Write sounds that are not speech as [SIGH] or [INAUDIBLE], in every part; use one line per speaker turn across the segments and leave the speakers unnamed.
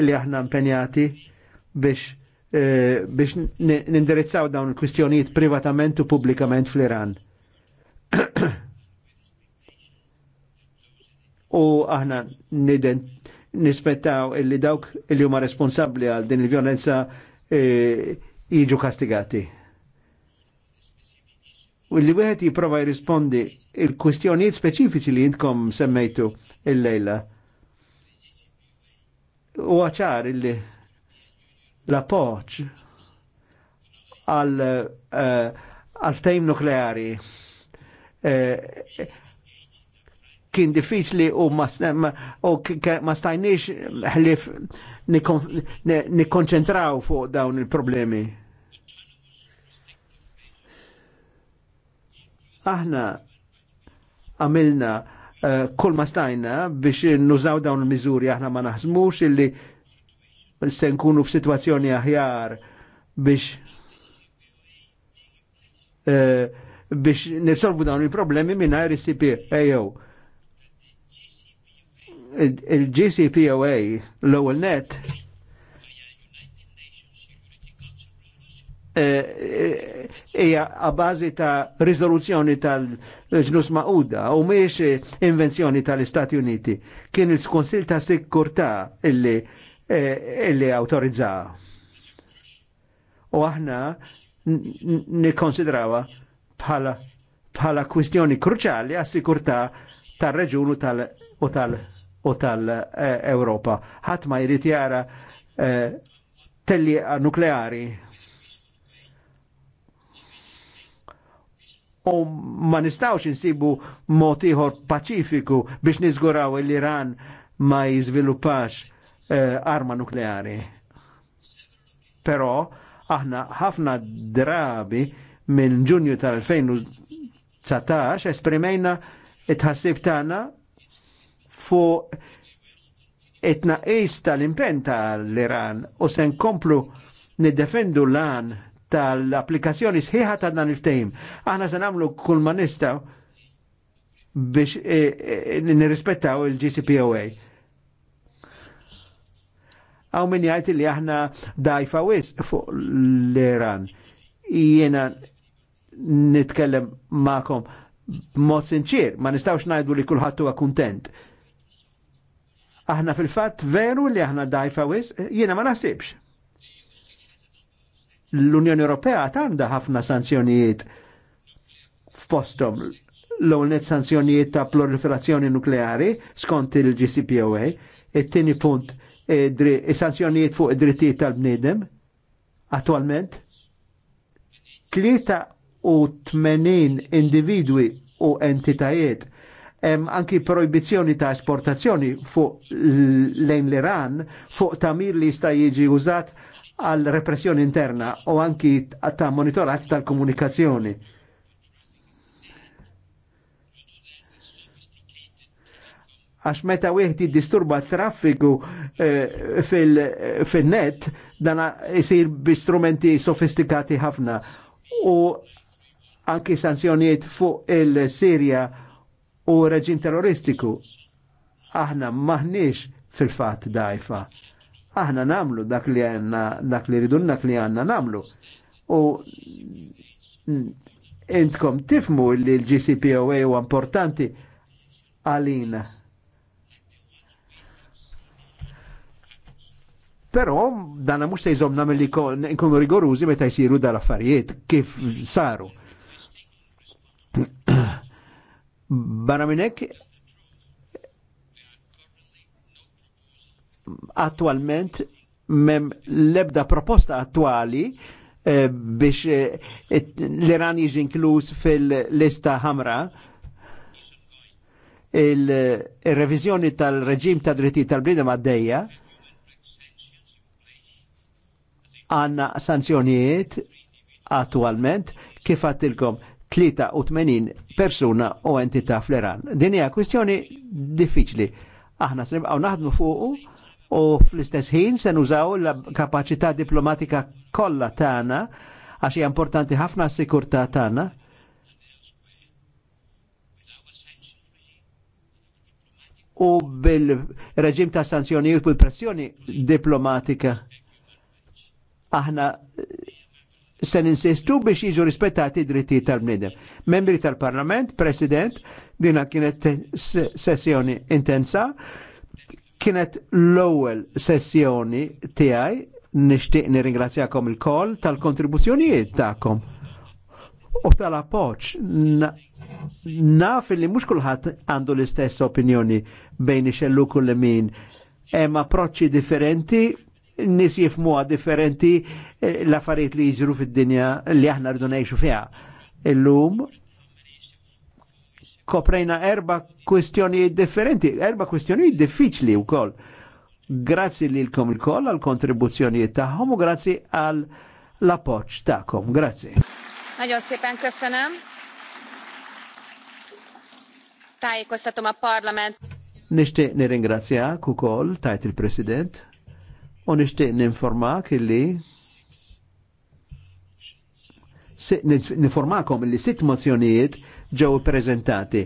illi aħna impenjati biex eh, biex nindirizzaw dawn il-kwistjonijiet privatament u pubblikament fl-Iran. u aħna nispettaw illi dawk illi huma responsabbli għal din il-vjolenza eh, jiġu e, kastigati. U li wieħed jipprova jrispondi il-kwistjonijiet speċifiċi li jintkom semmejtu il-lejla. il lejla u għaċar illi l-appoċ għal eh, għal tejm nukleari eh, kien diffiċli u ma stajniex ħlif nikkonċentraw fuq dawn il-problemi. Aħna għamilna kull ma stajna biex nużaw dawn il-miżuri aħna ma naħsmux illi se nkunu f'sitwazzjoni aħjar biex e, biex nisolvu dawn il-problemi minna RCPAO. Il-GCPOA, l-ewel net, hija eh, eh, eh, għabażi ta' rizoluzzjoni tal-ġnus maquda u miex invenzjoni tal-Istati Uniti. Kien il-Konsil ta' Sikkurta illi illi autorizza. U aħna nikkonsidrawa bħala bħala kwistjoni kruċali għas sikurta tal-reġun u tal-Europa. Ħadd ma jrid jara tellieqa nukleari u ma nistawx insibu motiħor paċifiku biex niżguraw l-Iran ma jiżviluppax eh, arma nukleari. Però aħna ħafna drabi minn ġunju tal-2019 esprimejna it-ħassib tagħna fuq it-naqis tal impenta l iran u se nkomplu niddefendu l-an tal-applikazzjoni sħiħa ta' dan il-ftehim. Aħna se nagħmlu kull ma nistgħu biex e, e, nirrispettaw il-GCPOA. Aw min jgħid li aħna dajfa wis fuq l-Iran. Jiena nitkellem ma'kom b'mod sinċir, ma nistawx najdu li kulħadd huwa kuntent. Aħna fil-fatt veru li aħna dajfa wis, jiena ma naħsibx. L-Unjoni Ewropea għandha ħafna sanzjonijiet f'postom l-ewwel sanzjonijiet ta' proliferazzjoni nukleari skont il-GCPOA, it-tieni punt is-sanzjonijiet fuq id-drittijiet tal-bniedem attualment. Tlieta u 80 individwi u entitajiet hemm anki proibizzjoni ta' esportazzjoni fuq lejn l-Iran fuq tamir li jista' jiġi użat għal repressjoni interna u anki ta' monitoraġġ tal-komunikazzjoni. għax meta wieħed jiddisturba traffiku eh, fil-net fil dan isir b'istrumenti sofistikati ħafna u anki sanzjonijiet fuq il-Sirja u reġim terroristiku. Aħna maħniex fil-fat dajfa aħna namlu dak li għanna, dak li ridun dak li għanna namlu. U intkom tifmu li l-GCPOA u importanti għalina. Pero dana mux se jizomna mill-li nkunu rigorużi meta jisiru dal-affarijiet kif saru. [CLEARS THROAT] Barra minnek attualment mem lebda proposta attuali eh, biex eh, l-Iran jiġi inkluż fil-lista ħamra il-revizjoni il eh, revizjoni tal reġim ta' dritti tal-bnidem għaddejja għanna sanzjonijiet attualment kif għattilkom 83 persuna u entità fl-Iran. Din hija kwistjoni diffiċli. Aħna s-nibqaw naħdmu fuqu u fl-istess ħin se nużaw l-kapacità diplomatika kollha tagħna għax hija importanti ħafna s-sikurtà tagħna. U bil-reġim ta' sanzjoni u pressjoni diplomatika aħna se ninsistu biex jiġu rispettati dritti tal-bnidem. Membri tal-Parlament, President, dina kienet sessjoni intensa, Kienet l-ewwel sessjoni tiegħi nixtieq nirringrazzjakom il tal-kontribuzzjonijiet tagħkom u tal-appoġġ naf li mhux kulħadd għandu l-istess opinjoni bejn ixellu kull min. Hemm approċċi differenti, nis jifmuha differenti eh, l-affarijiet li jiġru fid-dinja li aħna rridu ngħixu fiha. Illum koprejna erba kwestjoni differenti, erba kwestjoni diffiċli u koll. Grazzi li l-kom il-koll għal-kontribuzzjonijiet taħħom u grazzi għal-appoċ taħkom. Grazzi.
Nagyon kwestjonem. köszönöm. Tájékoztatom a parlament.
Nishti nirringrazzjak u koll, tajt il-president, u nishtiq ninformak illi niformakom li sitt mozzjonijiet ġew prezentati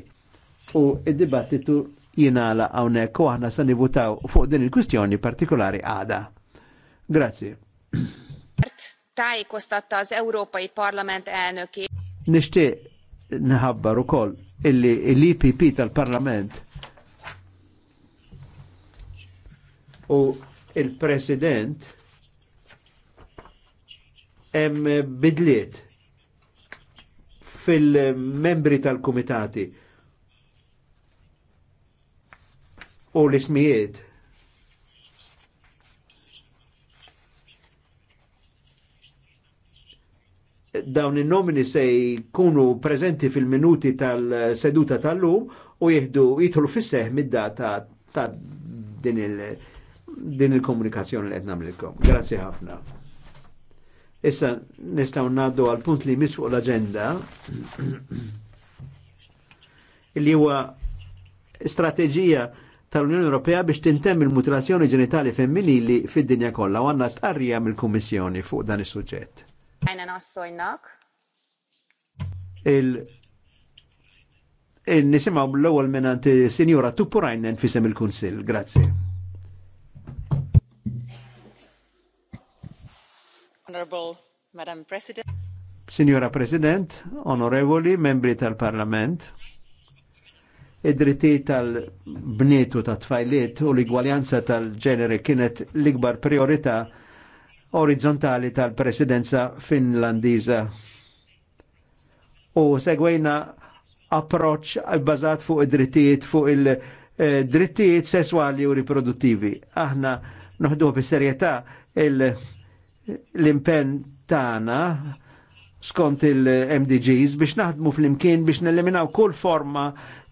u id-dibattitu jinala hawnhekk u aħna se nivutaw fuq din il-kwistjoni partikolari għada. Grazzi.
Taj az Európai Parlament elnöki.
Nixtieq nħabbar ukoll illi l-IPP tal-Parlament u il-President hemm bidliet fil-membri tal-kumitati u l-ismijiet. Dawn in-nomini se jkunu preżenti fil-minuti tal-seduta tal-lum u jihdu jitlu fis-seħ mid-data ta' din il- il-komunikazzjoni li qed kom Grazzi ħafna. Issa nistaw naddu għal punt li misfuq fuq l-agenda li huwa strateġija tal-Unjoni Ewropea biex tintemm il-mutilazzjoni ġenitali femminili fid-dinja kollha u għandna stqarrija mill-Kummissjoni fuq dan is-suġġett.
Ejna nassojnak.
Il il nisimaw l-ewwel minn Sinjura Tupurajnen fisem il-Kunsill. Grazzi. Signora President, onorevoli membri tal-Parlament, id-dritti tal-bnietu ta' tfajliet u l-igwaljanza tal-ġenere kienet l-ikbar priorità orizzontali tal-presidenza finlandiza. U segwejna approċ bazat fuq id-drittijiet fuq il-drittijiet sessuali u riproduttivi. Aħna noħdu bis-serjetà il- l-impenn tagħna skont il-MDGs biex naħdmu fl-imkien biex neliminaw kull forma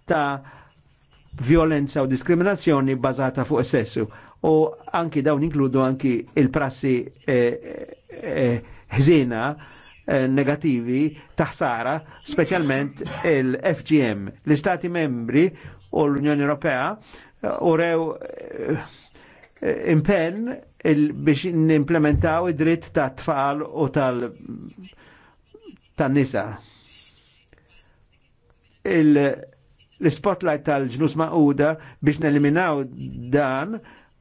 ta' violenza u diskriminazzjoni bazata fuq sessu. U anki dawn inkludu anki il-prassi eh, eh, eh, ħżina negativi ta' negativi taħsara, specialment il-FGM. L-Istati membri u l-Unjoni Ewropea urew impenn biex n-implementaw id-dritt ta' tfal u tal tan nisa. L-spotlight tal-ġnus ma'uda biex neliminaw dan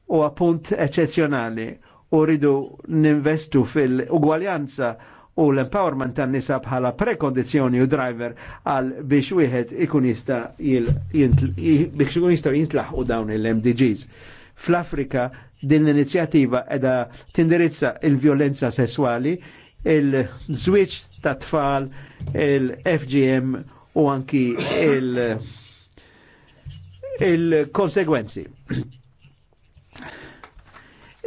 u appunt eccezjonali u rridu ninvestu fil-ugwaljanza u l-empowerment tan nisa bħala prekondizjoni u driver għal biex wieħed ikun jista' jintlaħ u jistgħu dawn il-MDGs. Fl-Afrika Din l-inizjattiva edha tindirizza il-violenza sessuali, il-żwieġ ta' tfal, il-FGM u anki il- il-konsegwenzi.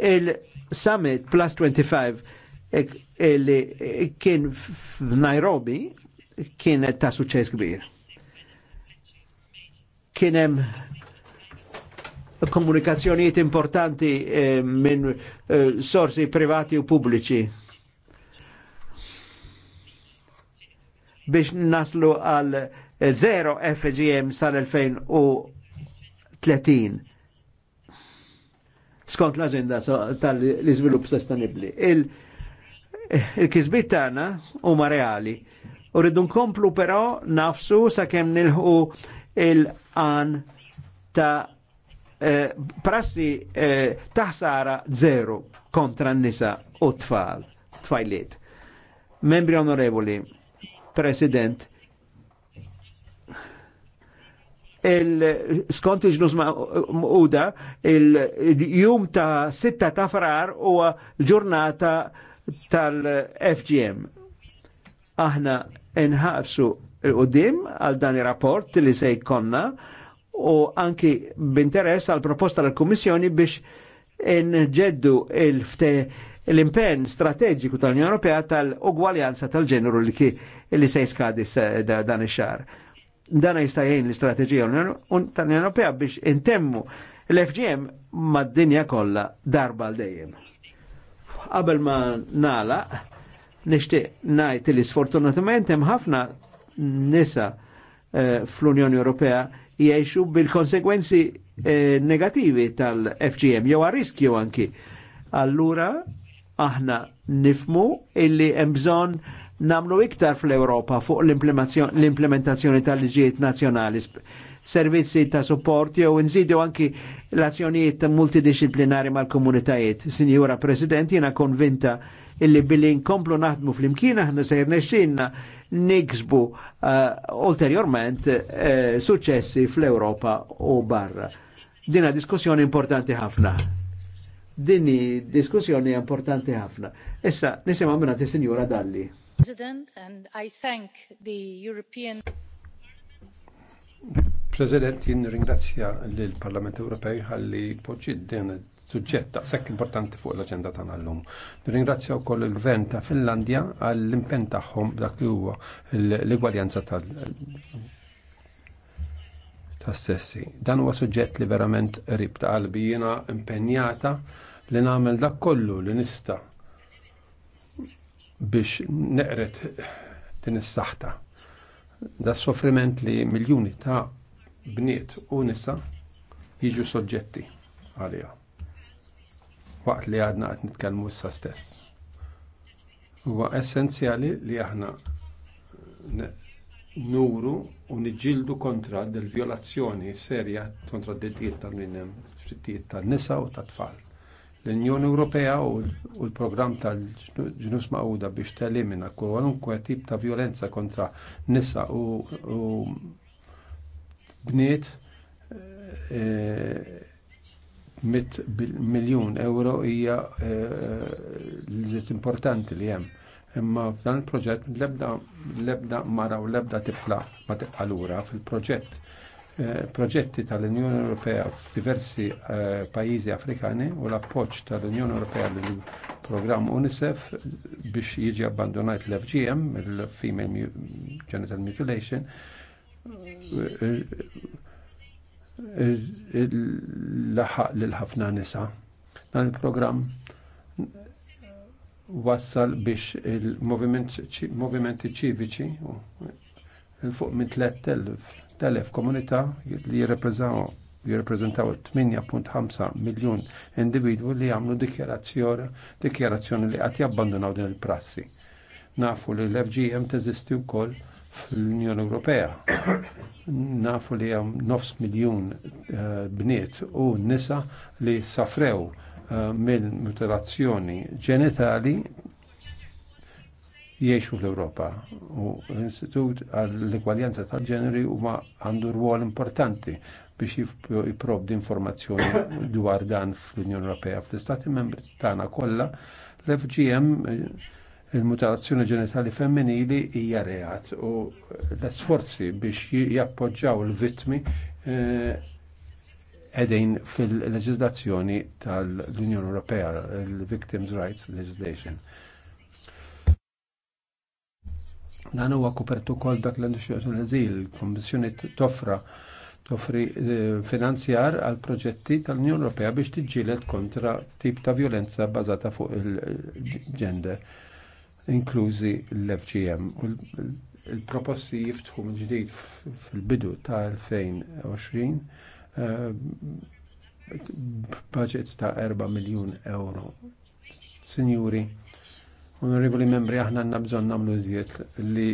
Il-summit plus 25 illi kien f'Nairobi kien ta' suċċess kbir. Kienem komunikazzjonijiet importanti eh, minn eh, sorsi privati u pubbliċi. biex naslu għal 0 FGM sal-2030 skont l-agenda so, tal-izvilupp sostenibli. Il-kizbit il tagħna huma reali. U rridu nkomplu però nafsu sakemm nilħu il-qan ta' Eh, prassi eh, taħsara zero kontra n-nisa u tfal, tfajliet. Membri onorevoli, President, il-skont iġnus uda, il-jum ta' sitta ta' frar u l ġurnata tal-FGM. Aħna nħarsu il-qoddim għal dan il-rapport li sejt konna u anki b'interess għal proposta tal kummissjoni biex nġeddu l-impenn strateġiku tal-Unjoni Ewropea tal-ugwaljanza tal-ġeneru li, li se jiskadis eh, dan ix-xar. Dan jista' jgħin l-istrateġija tal-Unjoni Ewropea biex intemmu l-FGM mad-dinja kollha darba l dejjem Qabel ma nala, nixtieq ngħid li sfortunatament hemm ħafna nisa' Eh, fl-Unjoni Ewropea jgħixu bil-konsekwenzi eh, negativi tal-FGM, jew għarriskju anki. Allura, aħna nifmu illi hemm bżonn namlu iktar fl-Europa fuq l-implementazzjoni tal-liġijiet nazjonali, servizzi ta' support jew nżidu anki l-azzjonijiet multidisciplinari mal-komunitajiet. Sinjura President, jiena konvinta illi billi nkomplu naħdmu fl-imkien aħna sejr jirnexxinna niksbu uh, eh, ulterjorment uh, eh, successi fl-Europa u barra. Dina diskussjoni importanti ħafna. Dini diskussjoni importanti ħafna. Issa nisimgħu minna tis-Sinjura Dalli.
President, and I thank the European
President, jien ringrazzja l-Parlament Ewropej ħalli poġġiet din suġġett ta' sekk importanti fuq l-aġenda tagħna llum. Ringrazzja wkoll il-Gvern ta' Finlandja għall impenn tagħhom dak li huwa l-egwaljanza tal ta' sessi. Dan huwa suġġett li verament qrib ta' qalbi jiena impenjata li nagħmel dak kollu li nista' biex neqret din is-saħta. Da' soffriment li miljuni ta' bniet u nisa jiġu soġġetti għaliha. Waqt li għadna qed nitkellmu issa stess. Huwa essenzjali li aħna nuru u niġildu kontra del-vjolazzjoni serja kontra d-dittijiet tal-minnem, d-dittijiet tan-nisa u tat-tfal l-Unjoni Ewropea u l-programm tal-ġnus maquda biex telimina kwalunkwe tip ta' violenza kontra nisa u bniet eh, mit miljun euro hija eh, li importanti li hemm. Imma f'dan il-proġett l-ebda mara u l-ebda tifla ma tibqa' fil-proġett eh, proġetti tal-Unjoni Ewropea f'diversi pajjiżi Afrikani u l-appoġġ tal-Unjoni Ewropea lil programm UNICEF biex jiġi abbandonat l-FGM, il-Female Genital Mutilation, laħaq lil ħafna nisa. Dan il-programm wassal biex il-movimenti ċiviċi fuq minn 3000 komunità li jirrepreżentaw 8.5 miljun individwu li għamlu dikjarazzjoni li qatt jabbandunaw din il-prassi. Nafu li l-FGM teżisti wkoll fl-Unjoni Ewropea. Nafu li hemm nofs miljun eh, bniet u nisa li safrew eh, mill mutilazzjoni ġenitali jiexu fl-Europa u l institut għall-Egwaljanza tal-ġeneri huma għandu rwol importanti biex jiprovdi informazzjoni dwar dan fl-Unjoni Ewropea. Fl-Istati membri tagħna kollha l-FGM eh, il-mutilazzjoni ġenitali femminili hija reat u l-sforzi biex jappoġġaw il-vittmi edin fil-leġizlazzjoni tal-Unjoni Ewropea, il-Victims Rights Legislation. Dan huwa kopertu kol dak l-azil, il-Kommissjoni toffra toffri finanzjar għal proġetti tal-Unjoni Ewropea biex tiġġieled kontra tip ta' violenza bażata fuq il-gender inklużi l-FGM. Il-proposti jiftħu minn ġdid fil-bidu ta' 2020 uh, budget ta' 4 miljun euro. Sinjuri, onorevoli membri, aħna għanna bżon namlu iżjed li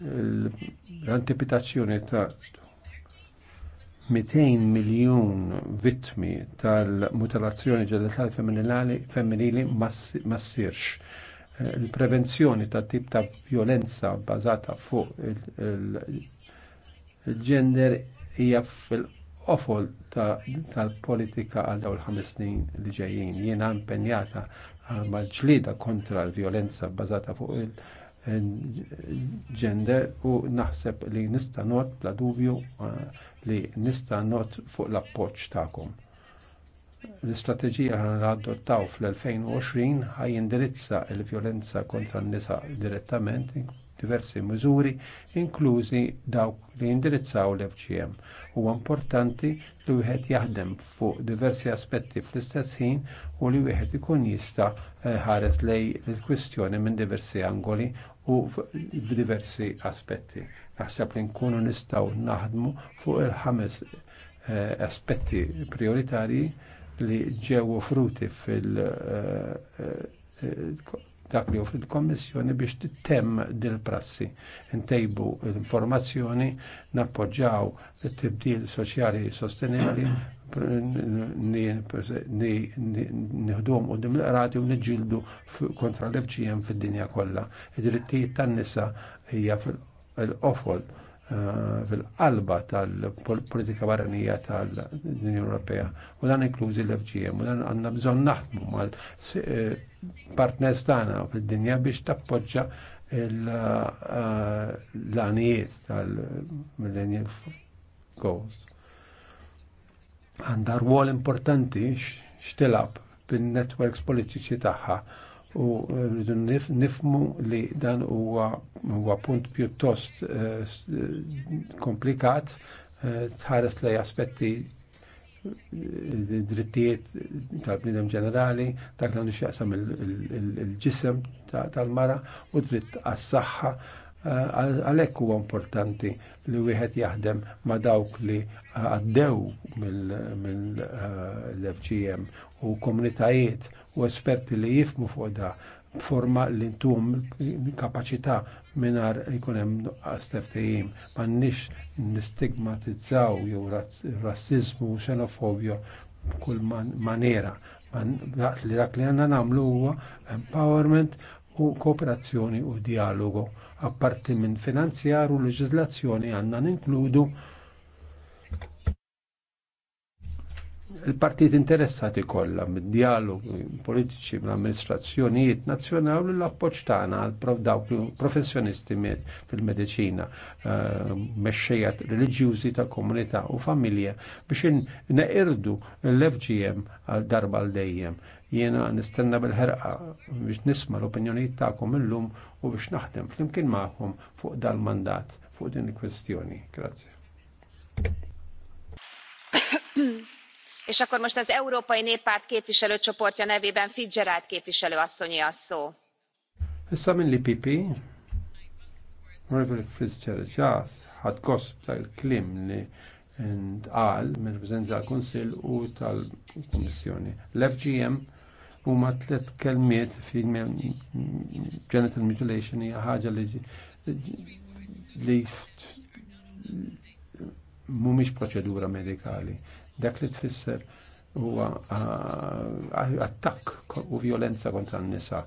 l-antipitazzjoni ta' 200 miljon vittmi tal-mutilazzjoni ġenitali femminili ma' mass, massirx il-prevenzjoni ta' tip ta' violenza bazata fuq il-ġender hija fil-qofol tal-politika għal dawl ħames snin li ġejjin. Jiena impenjata mal ġlieda kontra l-violenza bazata fuq il-ġender u naħseb li nista' not bla dubju eh, li nista' not fuq l-appoġġ tagħkom. L-istrateġija li adottaw fl-2020 ħaj indirizza l-vjolenza kontra n-nisa direttament diversi miżuri inklużi dawk li indirizzaw l-FGM. Huwa importanti li wieħed jaħdem fuq diversi aspetti fl-istess ħin u li wieħed ikun jista ħares lej l-kwistjoni minn diversi angoli u f'diversi aspetti. Naħseb li nkunu nistgħu naħdmu fuq il-ħames eh, aspetti prioritarji li ġew offruti fil- eh, eh, dak li offri l-Kommissjoni biex tittem dil-prassi. Ntejbu l-informazzjoni, nappoġġaw tibdil soċjali sostenibli, nħdum u dim l u nġildu kontra l-FGM fid-dinja kollha. Id-drittijiet tan-nisa hija fil-qofol Eh, fil-qalba tal-politika barranija tal-Unjoni Ewropea u dan inklużi l-FGM u dan għandna bżonn naħdmu mal-partners eh, tagħna fid-dinja biex tappoġġa eh, l-għanijiet tal-Millennium Goals. Għandha rwol importanti x'tilab bin-networks politiċi tagħha u eh, rridu nifmu li dan huwa punt pjuttost eh, komplikat eh, tħares lej aspetti drittijiet tal-bnidem ġenerali, dak li nixjaqsam il-ġisem tal-mara u dritt għas-saħħa Eh, għalhekk huwa importanti li wieħed jaħdem ma' dawk li għaddew mill-FGM eh, u komunitajiet u esperti li jifmu fuq da forma li ntum kapacità minar jkun hemm nuqqas teftehim m'għandniex nistigmatizzaw jew rassizmu xenofobja b'kull manera. Dak li dak li għandna nagħmlu huwa empowerment u kooperazzjoni u dialogu. Apparti minn finanzjar u leġizlazzjoni għandna ninkludu il-partit interessati kollha mid-dialogu politiċi mill-amministrazzjonijiet nazzjonali l-appoġġ tagħna għal dawk professjonisti fil-mediċina, eh, mexxejja reliġjużi ta' komunità u familja biex neqirdu l-FGM għal darba l dejjem Jiena nistenna bil-ħerqa biex nisma l-opinjonijiet tagħkom illum u biex naħdem flimkien magħkom fuq dal-mandat fuq din il-kwestjoni. Grazie.
[COUGHS] És akkor most az Európai Néppárt képviselőcsoportja nevében Fitzgerald képviselő asszonyi a szó.
Issa minn li pipi, Marvel Fitzgerald ġas, ħad gost tal-klim li ntqal minn reprezentanti tal-Kunsill u tal-Kummissjoni. L-FGM huma tliet kelmiet fil genital mutilation hija ħaġa li li mhumiex proċedura medikali. Dak li tfisser huwa attakk u violenza kontra n-nisa.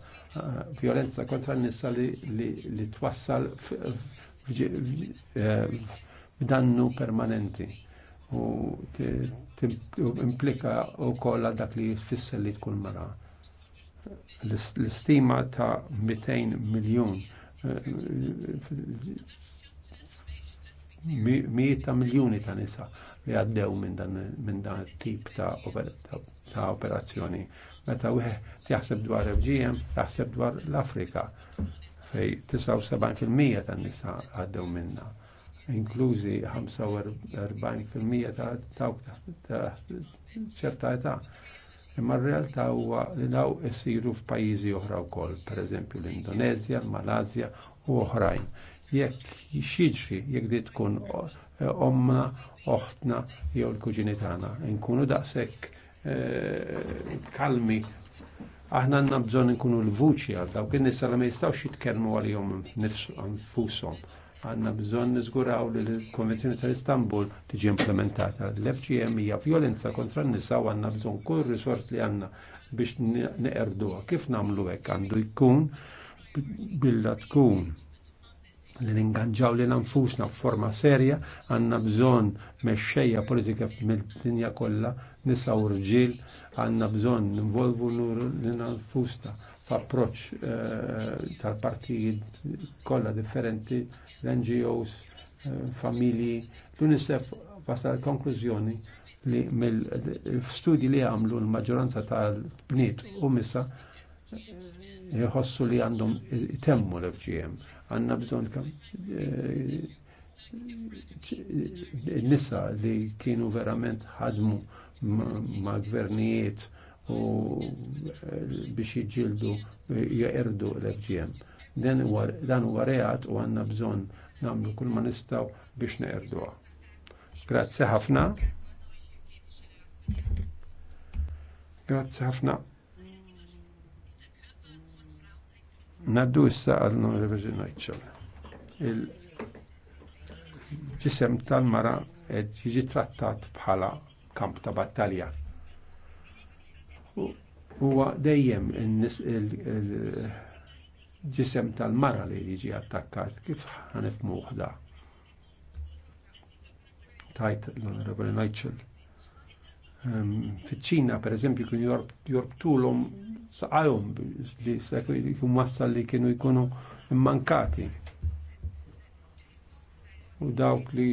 Violenza kontra n-nisa li twassal f'dannu permanenti u implika u kolla dak li jfisser li tkun mara l-istima ta' 200 miljon eh, mijiet ta' miljoni ta' nisa li għaddew minn dan minn dan tip ta' ta' operazzjoni. Meta wieħed jaħseb dwar FGM, jaħseb dwar l-Afrika fej 79% tan-nisa għaddew minna inklużi 45% ta' ċerta età Imma r-realtà huwa li daw isiru f'pajjiżi oħra wkoll, pereżempju l-Indonezja, Malazja u oħrajn. Jekk xiġri, jekk dit tkun eh, omna, oħtna jew l-kuġini tagħna, nkunu daqshekk eh, kalmi aħna għanna bżon nkunu l-vuċi għal dawk in-nisa li ma jistgħux jitkellmu għalihom nfushom għanna bżon nizguraw li l-Konvenzjoni tal-Istanbul tiġi implementata. L-FGM hija violenza kontra n-nisa u għanna bżon kull risors li għanna biex neqerduha. Kif namlu hekk għandu jkun billa tkun li ninganġaw li nanfusna f'forma serja għanna bżon mexxejja politika mill-dinja kollha nisa u rġil għanna bżon ninvolvu li nanfusna f'approċċ eh, tal-partijiet kollha differenti l-NGOs, eh, familji. L-UNICEF wasal konklużjoni li mill-studji li għamlu l-maġġoranza tal-bniet u misa eh, jħossu li għandhom temmu l-FGM. Għanna bżon kam eh, nisa li kienu verament ħadmu ma' gvernijiet u biex jġildu jgħerdu l-FGM Dan huwa reat u għanna bżonn nagħmlu kull ma nistgħu biex neqerduha. Grazzi ħafna. Grazzi ħafna. Naddu issa għal non-reversion Il-ġisem tal-mara jiġi trattat bħala kamp ta' battalja. Huwa dejjem il ġisem tal-mara li jiġi attakkat, kif ħanif muħda? Tajt l-Onorevoli Nigel. Ehm, fiċ-ċina, per eżempju, kienu jorbtulhom saqajom li jkun massa li kienu jkunu mankati. U dawk li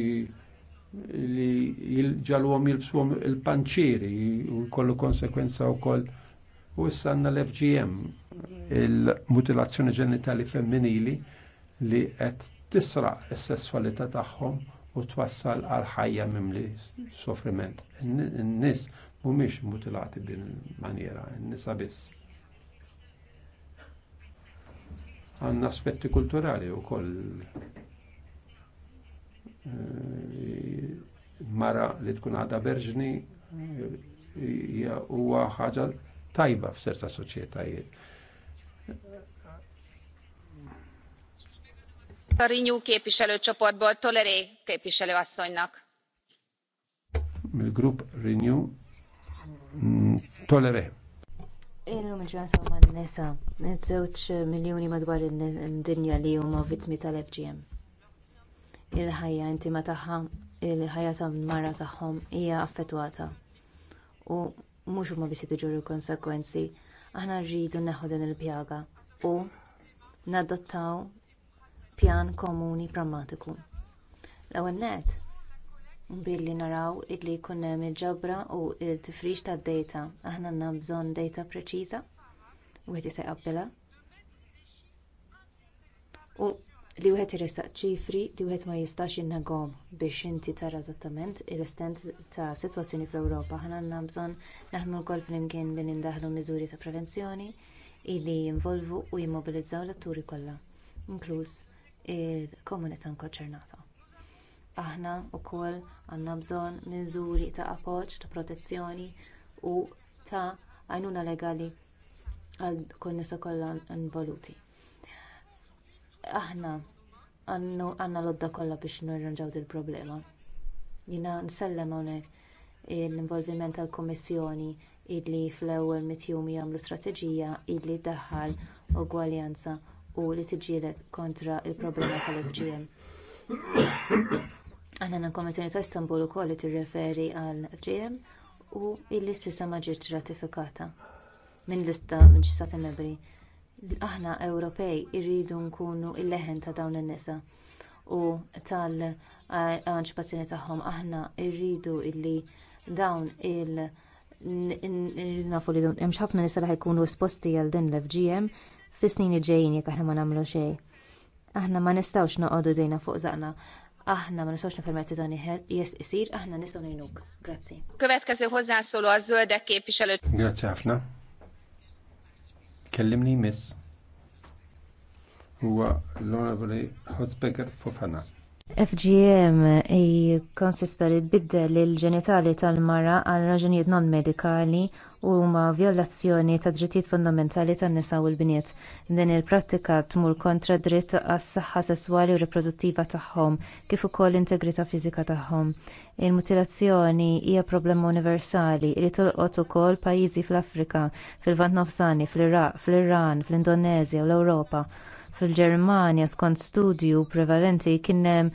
li ġalwom jilbsuhom il-panċiri u kollu konsekwenza u koll U issa għandna l-FGM il-mutilazzjoni ġenitali femminili li qed tisraq s sesswalità tagħhom u twassal għal ħajja mimli soffriment. N-nis mhumiex mutilati din il-maniera, n-nisa biss. Għanna aspetti kulturali u koll eh, mara li tkun għada berġni eh, huwa ħaġa tajba f'serta
soċjetajiet. A Renew képviselőcsoportból Toleré képviselő asszonynak.
Il-grupp Renew mm, Toleré.
Illum il-ġansa
ma n nesa n-zewċ miljoni madwar id-dinja li huma vizmi tal-FGM. Il-ħajja intima taħħa, il-ħajja ta' mara taħħom, ija affetwata. U mhux huma biss jiġu konsekwenzi aħna rridu neħu din il-pjaga u nadottaw pjan komuni prammatiku. L-ewwel nett billi naraw illi jkun hemm il-ġabra u l-tifrix tad-dejta aħna għandna bżonn dejta preċiża wieħed jista' jqabbilha u li wieħed iresaq ċifri li wieħed ma jistax jinnegahom biex inti tara eżattament l-istent ta' sitwazzjoni fl-Ewropa. Aħna għandna bżonn naħdmu wkoll flimkien billi ndaħħlu miżuri ta' prevenzjoni li jinvolvu u jimmobilizzaw l-atturi kollha, inkluż il-komunità nkonċernata. Aħna wkoll għandna bżonn miżuri ta' appoġġ, ta' protezzjoni u ta' għajnuna legali għal konnessa kollha involuti aħna għandna l-odda kollha biex nirranġaw il problema Jiena nsellem hawnhekk l-involviment tal-kummissjoni illi fl-ewwel mitjum jagħmlu strateġija illi ddaħħal ugwaljanza u li tiġielet kontra l problema tal-fgm aħna għandna l-konvenzjoni ta' istanbul ukoll li tirreferi għal fgm u illi stessa ma ġietx ratifikata minn l-istati membri aħna Ewropej irridu nkunu l leħen ta' dawn in-nisa u tal-anċipazzjoni tagħhom aħna rridu illi dawn il- nafu li hemm ħafna nisa li ħajkunu esposti għal din l-FGM fis-snin ġejjin jekk aħna ma nagħmlu xejn. Aħna ma nistgħux noqogħdu dejna fuq żaqna. Aħna ma nistgħux nippermetti dan isir, aħna nistgħu ngħinuk.
Grazzi. Következő hozzászóló a zöldek képviselő. Grazzi ħafna
kellimni miss huwa l-onorevoli Hozbecker Fofana.
FGM konsista li tbiddel il-ġenitali tal-mara għal raġunijiet non medikali u huma vjolazzjoni ta' drittijiet fundamentali tan-nisa u l-bniet. Din il-prattika tmur kontra dritt għas-saħħa sesswali u riproduttiva tagħhom kif ukoll l-integrità fiżika tagħhom. Il-mutilazzjoni hija problema universali li tolqot ukoll pajjiżi fl-Afrika, fil-Vant Nofsani, fl-Iraq, fl-Iran, fl-Indonezja u l-Ewropa fil-Ġermanja skont studju prevalenti kien hemm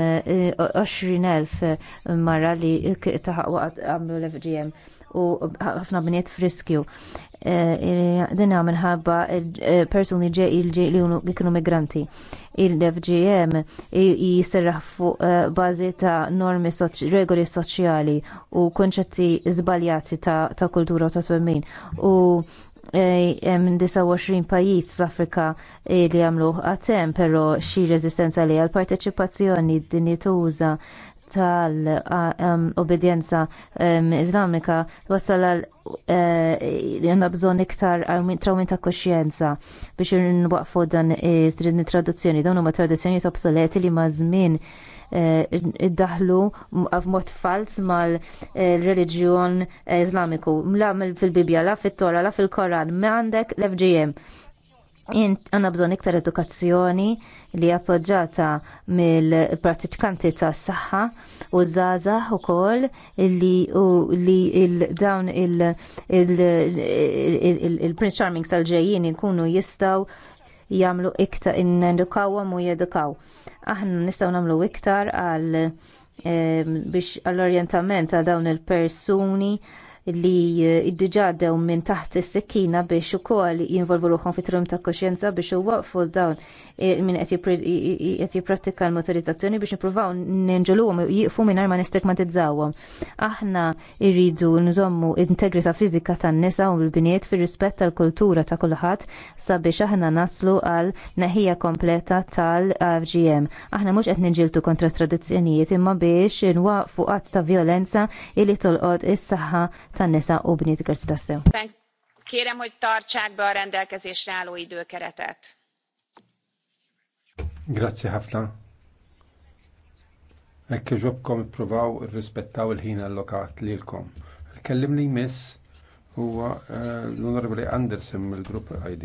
20,000 e, mara li taħaq waqt għamlu l-FGM u ħafna bniet friskju. E, e, Dinna minħabba persuni ġej li kienu migranti. Il-FGM jisserraħ fuq bazi ta' normi regoli soċjali u konċetti zbaljati ta' kultura u ta' twemmin. U Eh, hemm 29 pajjiż fl-Afrika li għamlu għatem, però xi reżistenza li għall-parteċipazzjoni din tuża tal obedienza Iżlamika wassal għal eh, li għanna bżonn iktar trawmin ta' koxjenza biex n-waqfu dan it-traduzzjoni. Dawn huma tradizzjonijiet obsoleti li ma' iddaħlu f'mod fals mal-reliġjon Iżlamiku. La fil-Bibja, la fil tora la fil-Koran, ma għandek l-FGM. Għanna bżon iktar edukazzjoni li appoġġata mill-pratikanti tas saħħa u u ukoll li dawn il-Prince Charming tal-ġejjin ikunu jistgħu jagħmlu iktar innedukawhom u jedukaw. Aħna nistgħu nagħmlu iktar għal eh, biex għall-orjentament ta' dawn il-persuni li eh, id-diġadew minn taħt is-sekkina biex ukoll jinvolvu ruħhom fit-trim ta' koxjenza biex waqfu dawn eh, minn qed jipprattika l-motorizzazzjoni biex nippruvaw ninġeluhom jiqfu mingħajr ma nistigmatizzawhom. Aħna rridu nżommu integrità fiżika tan-nisa u l-bniet fir-rispett tal-kultura ta' kulħadd sabiex aħna naslu għal neħija kompleta tal-FGM. Aħna mhux qed niġiltu kontra tradizzjonijiet imma biex inwaqfu qatt ta' violenza li tolqod is-saħħa tan-nisa u bniet grazzi tassew.
Kérem, hogy tartsák be a rendelkezésre álló időkeretet.
Grazie, Hafna. Ekk ġobkom ippruvaw irrispettaw il-ħin allokat lilkom. Il-kellim li jmiss huwa eh, l-Onorevoli Andersen mill-Grupp ID.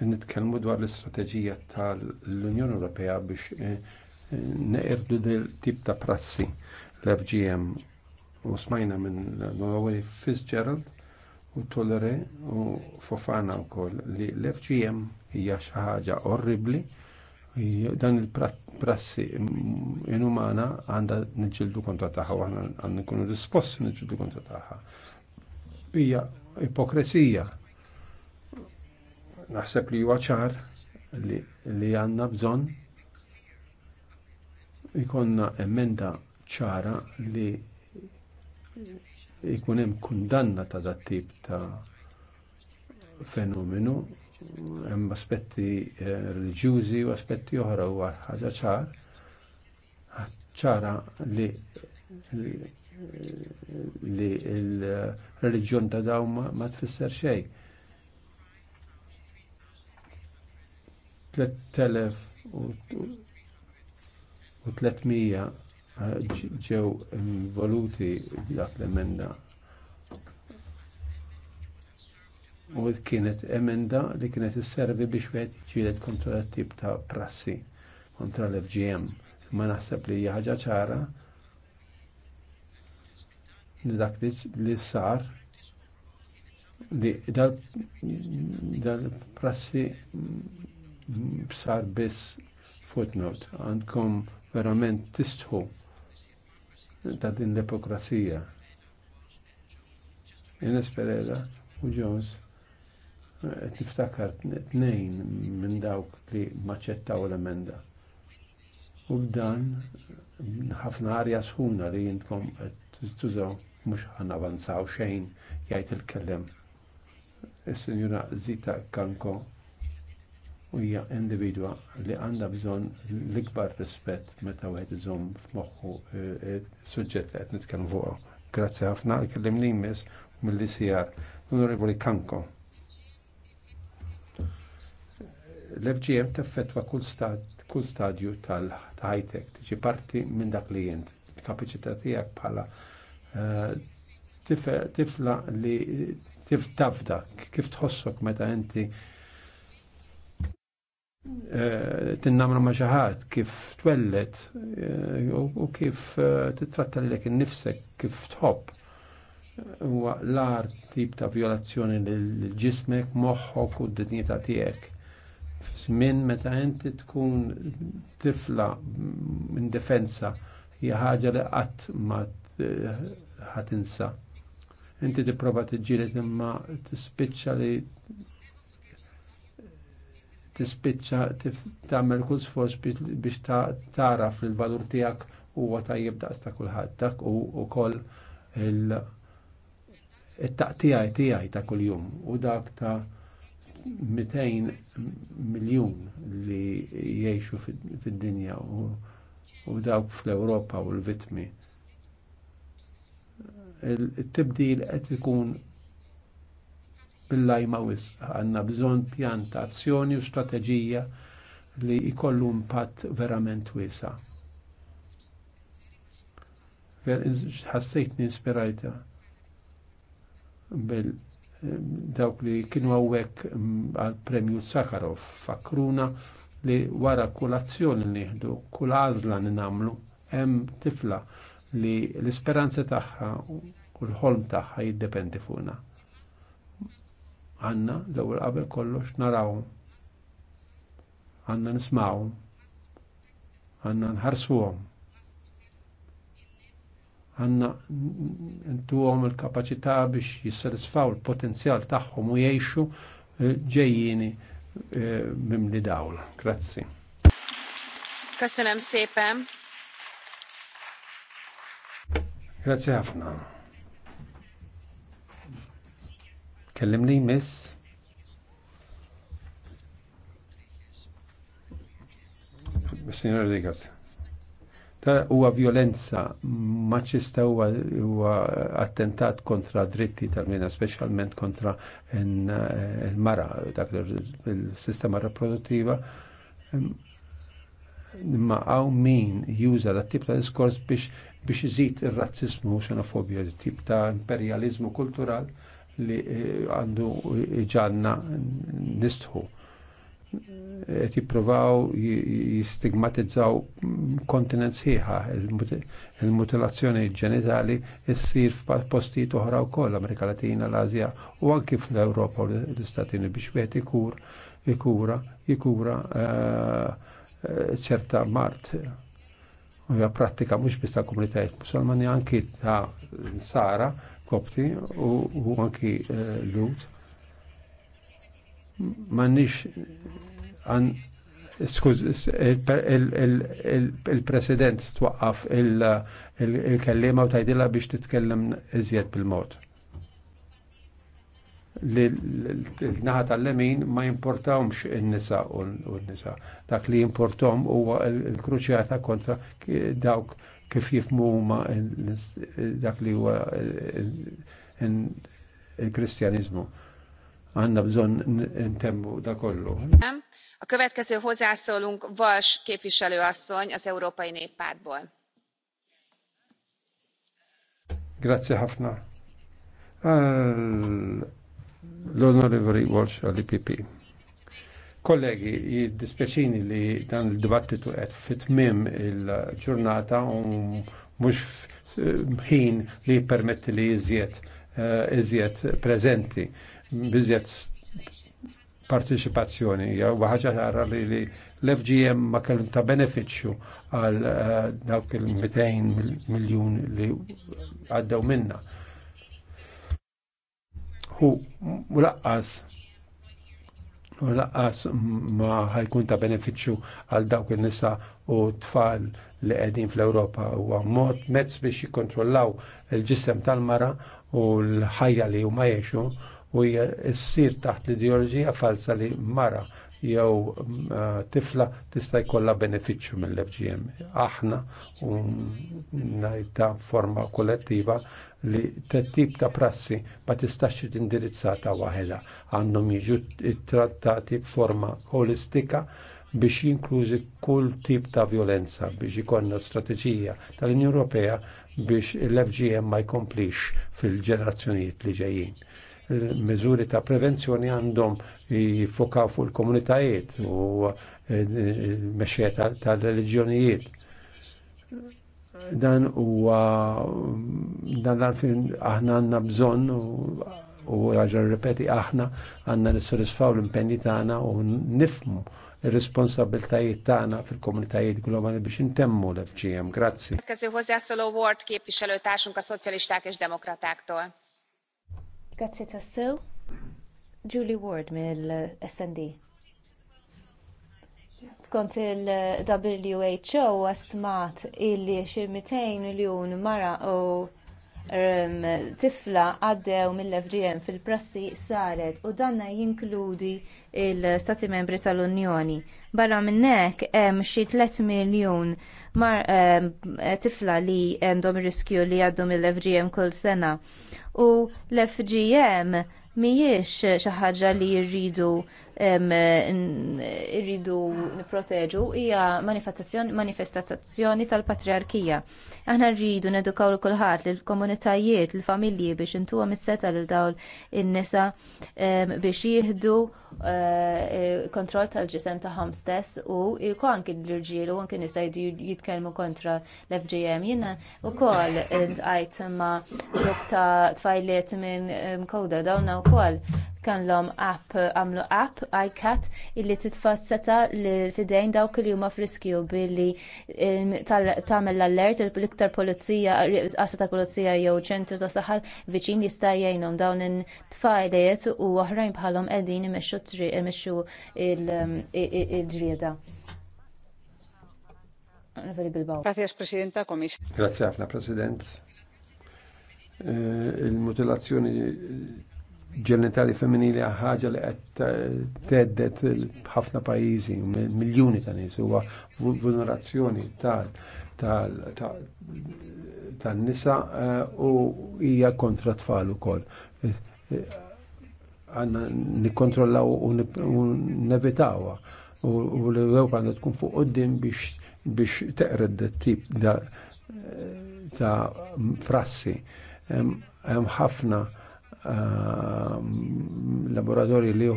Nitkellmu dwar l-istrateġija tal-Unjoni Ewropea biex eh, eh, neqirdu del tip ta' prassi l-FGM u smajna minn l għawaj Fitzgerald u Tollere u Fofana u koll li l-FGM hija xaħġa orribli dan il-prassi inumana għanda niġġieldu kontra taħħa, u għanna nkunu disposti niġġieldu kontra taħħa. Ija ipokresija. Naħseb li huwa ċar li għanna bżon ikonna emenda ċara li jkun hemm kundanna ta' dat tip ta' fenomenu hemm aspetti eh, reliġjużi u aspetti oħra u ħaġa ċar ċara li li l-reliġjon ta' daw ma tfisser xejn. 3300 ġew involuti dak l-emenda. U kienet emenda li kienet isservi biex wieħed ġielet kontra tip ta' prassi kontra l-FGM. Ma naħseb li hija ħaġa ċara li dak li sar li dal-prassi sar biss footnote għandkom verament tistħu ta' din l-epokrasija. Ines Pereira u Jones eh, niftakar t-nejn minn dawk li maċċettaw l-emenda. U b'dan ħafna arja sħuna li jintkom t tużaw mux ħan avanzaw xejn jgħid il-kellem. il eh, sinjura Zita Kanko u hija individwa li għandha bżonn l-ikbar rispett meta wieħed iżomm f'moħħu eh, eh, suġġett qed nitkellmu fuqha. Grazzi ħafna kellim li jmiss milli icr l-Onorevoli Kanko. L-FGM teffettwa kull stat kull stadju tal-high-tech tiġi parti minn dak li jent. Il-kapaċità tiegħek bħala eh, tifla li tiftafda kif tħossok meta inti tinnamra ma' xaħat kif twellet eh, u kif eh, titratta l innifsek kif tħobb huwa l-ar tip ta' violazzjoni l-ġismek, moħħok u d-dinjità tiegħek. Min meta inti tkun tifla indefensa defensa ħaġa li qatt ma eh, ħatinsa. Inti tipprova tiġġieled imma tispiċċa li tispiċċa tagħmel kull sforz biex taraf fil valur tiegħek huwa tajjeb daqs ta' kulħadd dak u wkoll it taqtijaj tiegħi ta' kuljum u dak ta' 200 miljun li jgħixu fid-dinja u dawk fl-Ewropa u l-vitmi. Il-tibdil qed ikun bil-lajma wisqa Għandna bżonn pjan ta' azzjoni u strateġija li jkollu impatt verament wiesa. Ħassejt ninspirajta bil dawk li kienu għawek mm, għal premju Sakharov fakruna li wara kull azzjoni nieħdu, kull għażla nagħmlu hemm tifla li l-isperanza tagħha u l-ħolm tagħha jiddependi fuqna għanna l-ewwel qabel kollox naraw. Għanna nismaw. Għanna nħarsuhom. Għanna ntuhom il-kapaċità biex jissatisfaw il-potenzjal tagħhom u jgħixu eh, ġejjini eh, mimli dawl. Grazzi.
Kassanem sepem.
Grazie ħafna. Kellim li miss. Signor Rigas. Ta' huwa violenza maċista huwa attentat kontra dritti tal-mina, specialment kontra il-mara, dak il-sistema reproduttiva. Imma għaw min juża da' tip ta' diskors biex biex iżid ir-razzismu, xenofobija, tip ta' imperializmu kultural li eh, għandu eh, ġanna nistħu qed jiprovaw jistigmatizzaw kontinent sħiħa il-mutilazzjoni ġenitali ssir f'postijiet oħra koll, Amerika Latina, l-Asja u anki fl europa u l-Istati Uniti biex wieħed ikur jikura jikura eh, ċerta mart. U hija prattika mhux biss ta' komunitajiet Musulmani anki ta' Sara kopti u, u anki uh, lut. Mannix għan skuż il-president twaqqaf il-kellima u tajdilla biex titkellem iżjed bil-mod l-naħa tal-lemin ma importawmx il-nisa u l-nisa. Dak li jimportom huwa l-kruċjata kontra dawk kif jifmu ma dak li huwa il-Kristjanizmu. Għanna bżon intemmu da kollu.
A következő hozzászólunk Vas képviselőasszony az Európai Néppártból.
Grazie Hafna. L-Onorevoli Walsh għall Kollegi, jiddispjaċini li dan il-dibattitu għed fitmim il-ġurnata u mhux ħin li permetti li jizziet iżjed eh, prezenti, biżjed partecipazzjoni. Waħġa ħarra li l-FGM ma kellhom ta' beneficju għal eh, dawk il-200 miljun li għaddew minna. Hu laqqas U laqqas ma ħajkun ta' beneficju għal dawk il-nisa u tfal li qegħdin fl-Ewropa huwa mod mezz biex jikkontrollaw il-ġisem tal-mara u l-ħajja li huma jgħixu u ssir taħt l-ideoloġija falsa li mara jew uh, tifla tista' jkollha benefiċċju mill-FGM. Aħna u najta forma kollettiva li t-tip ta' prassi ma tistax indirizzata waħela. Għandhom jiġu trattati b'forma holistika biex jinklużi kull tip ta' violenza biex ikollna strateġija tal-Unjoni Ewropea biex l-FGM ma jkomplix fil-ġenerazzjonijiet li ġejjin. Miżuri ta' prevenzjoni għandhom jiffokaw fuq il-komunitajiet u mexxej tal-reliġjonijiet Dan huwa dan għalfin aħna għanna bżon u għagħal ripeti aħna għanna nissurisfaw l-impenni tagħna u nifmu responsabiltajiet tagħna fil-komunitajiet globali biex intemmu l-FGM. Grazzi. Kasi
Kazzi hozzászóló Ward ka' soċjalistak szocialisták demokratak demokratáktól.
Grazzi tassew. Julie Ward mill-SND. Skont il-WHO stmat illi xi 200 miljun mara u ehm, tifla għaddew mill-FGM fil-prassi saret u danna jinkludi l stati membri tal-Unjoni. Barra minn hekk hemm xi 3 miljun ehm, tifla li għandhom riskju li għaddhom mill-FGM kull sena. U l-FGM mhijiex xi ħaġa li jridu irridu niproteġu hija manifestazzjoni tal-patriarkija. Aħna rridu nedukaw l kulħadd lil komunitajiet, l familji biex intuha mis-seta lil dawl in-nisa biex jieħdu eh, kontroll tal-ġisem tagħhom stess u jkun anki l-irġiel u anki nista' jitkellmu kontra l-FGM. Jiena wkoll intqajt ma' grupp ta' tfajliet minn Kowda dawna wkoll kellhom app għamlu app iCat illi titfasseta fidejn dawk li huma friskju billi tagħmel l-allert l-iktar pulizija qasa tal-pulizija jew ċentru ta' saħħa viċin jista' jgħinhom dawn it-tfajliet u oħrajn bħalhom qegħdin imexxu imexxu l ġrieda Grazie,
Presidenta, Commissario. Grazie, Afna, President eh, il-mutilazzjoni ġenitali femminili ħaġa li qed teddet ħafna pajjiżi, miljuni ta' nies huwa vulnerazzjoni tan-nisa eh, u hija kontra tfal ukoll. Eh, għanna nikkontrollaw u nevitawa u l-Ewropa għandha tkun fuq qoddim biex teqred tip eh, ta' frassi. Hemm ħafna Um, laboratorji li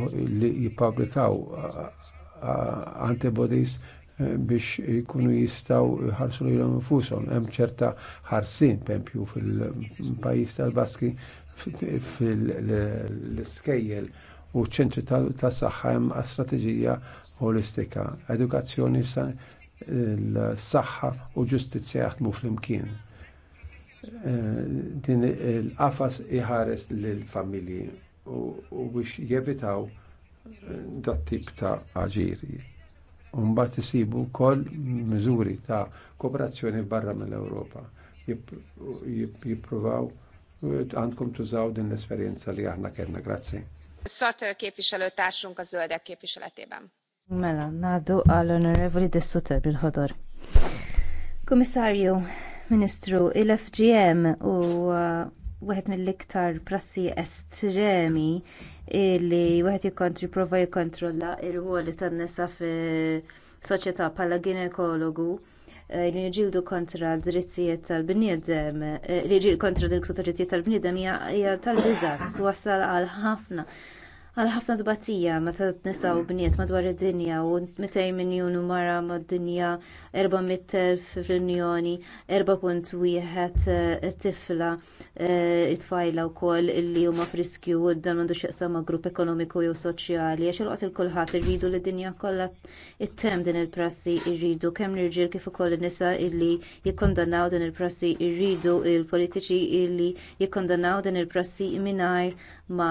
jippablikaw uh, uh, antibodies eh, biex jkunu jistaw ħarsu l infushom. Hemm ċerta ħarsin pempju fil-pajjiż tal-Baski fil-iskejjel u ċentri tas-saħħa hemm strateġija holistika, edukazzjoni, s-saħħa u ġustizzja jaħdmu fl-imkien. Eh, din il qafas iħares lill-familji u biex jevitaw eh, dat tip ta' aġiri. Umbat isibu kol miżuri ta' kooperazzjoni barra mill-Europa. Jippruvaw eh, għandkom tużaw din l esperienza li aħna kena. Grazzi.
Sotter képviselőtársunk a zöldek képviseletében.
Mela, nadu għal-Onorevoli de Sotter bil-ħodor. Komissarju, Ministru, il-FGM u uh, wieħed mill-iktar prassi estremi li wieħed jikkontri prova jikkontrolla ir-ruoli tan-nisa fi soċjetà bħala ginekologu eh, li nġildu kontra drittijiet tal-bniedem, eh, li ġil kontra drittijiet tal-bniedem hija tal-biżat, wassal għal ħafna għal ħafna tbatija meta nisa bniet madwar id-dinja u 200 miljun mara mad-dinja 400,000 fl 4.1 tifla eh, it-tfajla wkoll illi huma friskju u dan m'għandux x'jaqsam ma' grupp ekonomiku jew soċjali għax il-qos il-kulħadd irridu li dinja kollha ittem din il-prassi irridu kemm l-irġiel kif ukoll in-nisa illi jikkondannaw din il-prassi irridu il-politiċi illi jikkondannaw din il-prassi mingħajr ma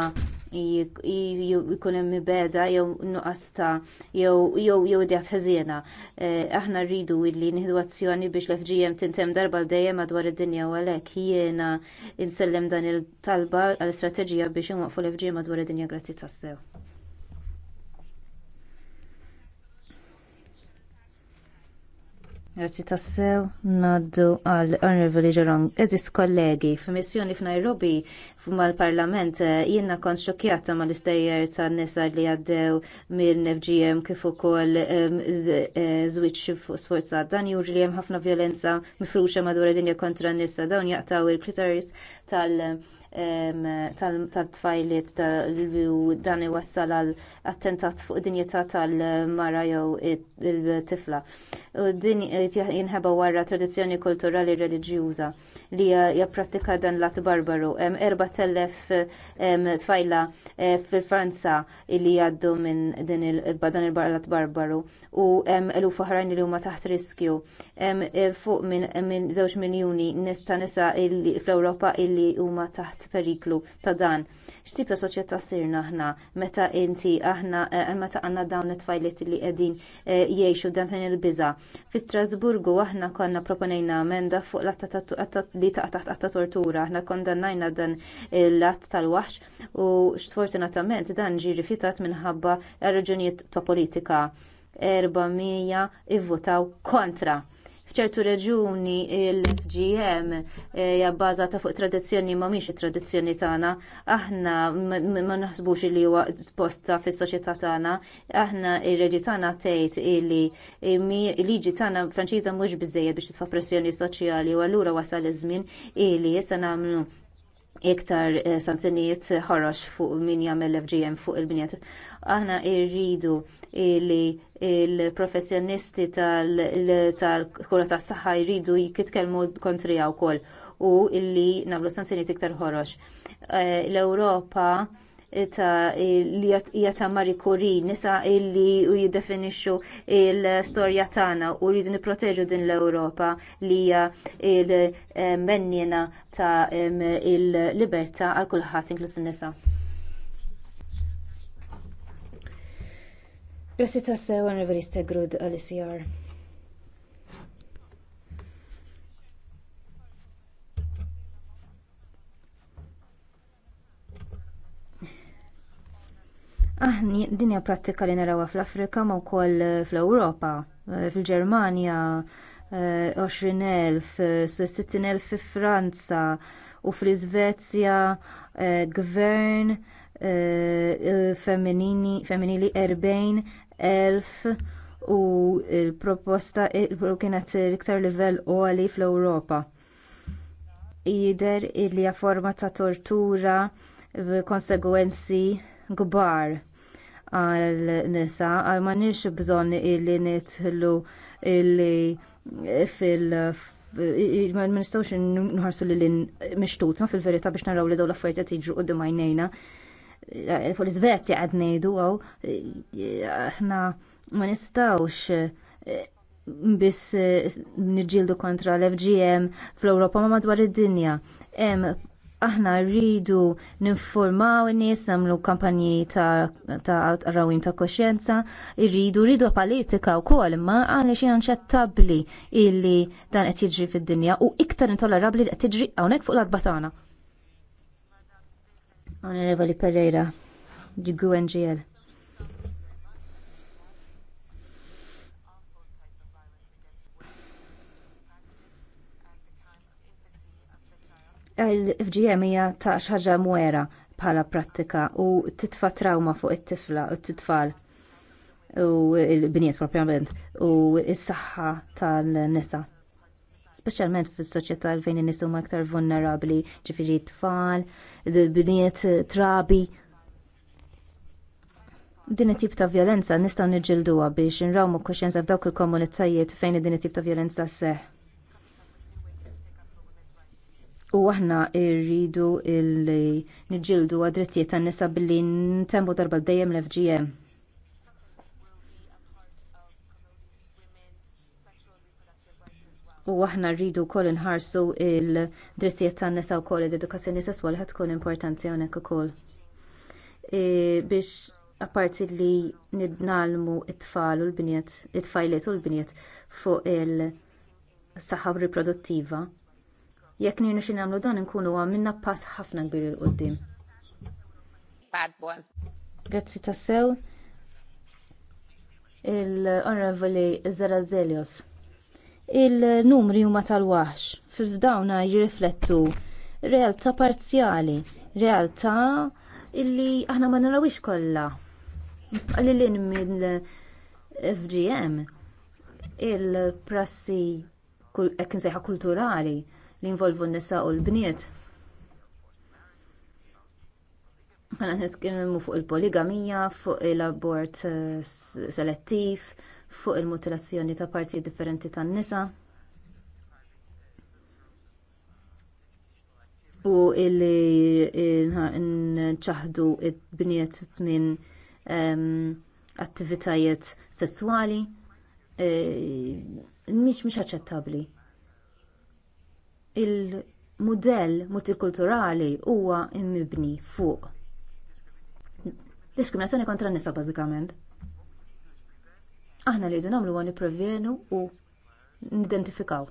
jkun hemm beda jew nuqqas ta' jew jew dejjaq ħażiena. Eh, aħna rridu li nieħdu azzjoni biex l-FGM tintemm darba dejjem madwar id-dinja u għalhekk jiena insellem dan il-talba għall-istrateġija biex inwaqfu l-FGM madwar id-dinja grazzi tassew. Grazzi tassew, naddu għal Honorable Ġeron. Eżis kollegi, f'missjoni f mal-Parlament, eh, jiena kon xokjata mal-istejjer tan nisa li għaddew minn FGM kif ukoll eh, żwiċċ sforza. Dan juri li hemm ħafna violenza mifruxa madwar id-dinja kontra nisa Dawn jaqtaw il-klitoris tal-tfajliet u dan iwassal għal attentat fuq dinjità tal-mara jew il-tifla. Din jinħeba wara tradizzjoni kulturali reliġjuża li japprattika dan l-att barbaru. tellef tfajla eh, fil-Franza li għaddu minn din il-badan il-barlat barbaru u eluf oħrajn li huma taħt riskju. Eh, fuq minn 2 miljuni nista nisa fl-Ewropa il li huma taħt periklu ta' dan. X'tip ta' soċjetà sirna aħna meta inti aħna eh, eh, meta għandna dawn it-tfajliet li qegħdin eh, jgħixu dan il-biża. Fi Strasburgu aħna konna proponejna emenda fuq l-att li ta' taħt ta' tortura, aħna kondannajna dan l-att tal-waħx u sfortunatament dan ġie rifjutat minħabba raġunijiet ta' politika. 400 ivvotaw kontra F'ċertu reġuni l-FGM eh, hija bbażata fuq tradizzjoni ma mhix it-tradizzjoni tagħna. Aħna ma naħsbux li huwa sposta fis-soċjetà tagħna. Aħna ir-reġi tagħna tgħid li liġi tagħna Franċiża mhux biżżejjed biex titfa' pressjoni soċjali u allura wasal iż-żmien li issa nagħmlu iktar eh, sanzjonijiet ħarax fuq min jagħmel FGM fuq il-binjet aħna rridu li il-professjonisti tal-kura tas-saħħa jridu jitkellmu kontrija wkoll u illi nagħmlu sanzjonijiet iktar ħorox. Eh, L-Ewropa ta' li hija ta' Marie nisa illi jiddefinixxu l-istorja tagħna u rridu nipproteġu din l-Ewropa li hija l-mennjena eh, ta' il-libertà għal kulħadd inkluż in-nisa. Grazzi ta' sew Universite Grud għal-ICR. dinja prattika li narawa fl-Afrika ma wkoll eh, fl-Ewropa, eh, fil-Ġermanja 20.000, eh, 60.000 fi Franza u fl-Iżvezja gvern femminili 40 elf u l-proposta kienet l-iktar livell għali fl-Ewropa. Jidher li hija forma ta' tortura b'konsegwenzi kbar għal nisa għal ma nix bżon illi nitħlu illi fil ma nistawx nħarsu li l-mixtutna fil-verita biex naraw li daw l-affarijiet jiġru qudiem għajnejna fuq l-Svezja qed ngħidu għaw aħna ma nistawx eh, biss eh, nġildu kontra l-FGM fl-Ewropa ma madwar id-dinja. Aħna rridu ninformaw in-nies nagħmlu kampanji ta' rawim ta' koxjenza, rridu rridu politika wkoll imma għaliex hija inċettabbli illi dan qed jiġri fid-dinja u iktar intollerabbli li qed tiġri hawnhekk fuq l atbatana Onorevoli Pereira, di GUNGL. Il-FGM hija ta' xaġa mwera bħala prattika u titfa' trauma fuq it-tifla u t-tfal u l-bniet propjament u s-saħħa tal nisa speċjalment fis-soċjetà fejn in-nies huma aktar vulnerabbli, ġifieri tfal, bniet, trabi. Din it-tip ta' vjolenza nistgħu niġġilduha biex inrawmu koxjenza f'dawk il-komunitajiet fejn din it-tip ta' vjolenza seħħ. U aħna rridu il-niġġildu għad-drittijiet tan-nisa billi ntemmu darba dejjem l-FGM. u aħna rridu wkoll nħarsu il-drittijiet tan-nisa wkoll l edukazzjoni sesswali ħad tkun importanti hawnhekk ukoll. E, biex apparti li nidnalmu it-tfal u l-binjet, it-tfajliet u l-binjet fuq il-saħħa riproduttiva, jekk nirnu xi nagħmlu dan inkunu għamilna pass ħafna kbir il qudiem Grazzi tassew. Il-Onorevoli Zara Zelios il-numri huma tal-waħx f'dawna jirriflettu realtà parzjali, realtà illi aħna ma narawix kollha. Lilin mill-FGM il-prassi hekk imsejħa kulturali li involvu n-nisa u l-bniet. Għana nitkellmu fuq il-poligamija, fuq il-abort eh, selettiv, fuq il-mutilazzjoni ta' partijiet differenti tan-nisa u illi nċaħdu id-bniet minn attivitajiet sessuali e, mhix mhix aċċettabbli. Il-mudell multikulturali huwa immibni fuq diskriminazzjoni kontra n-nisa bażikament. Aħna li nagħmlu huwa nipprevenu u nidentifikaw.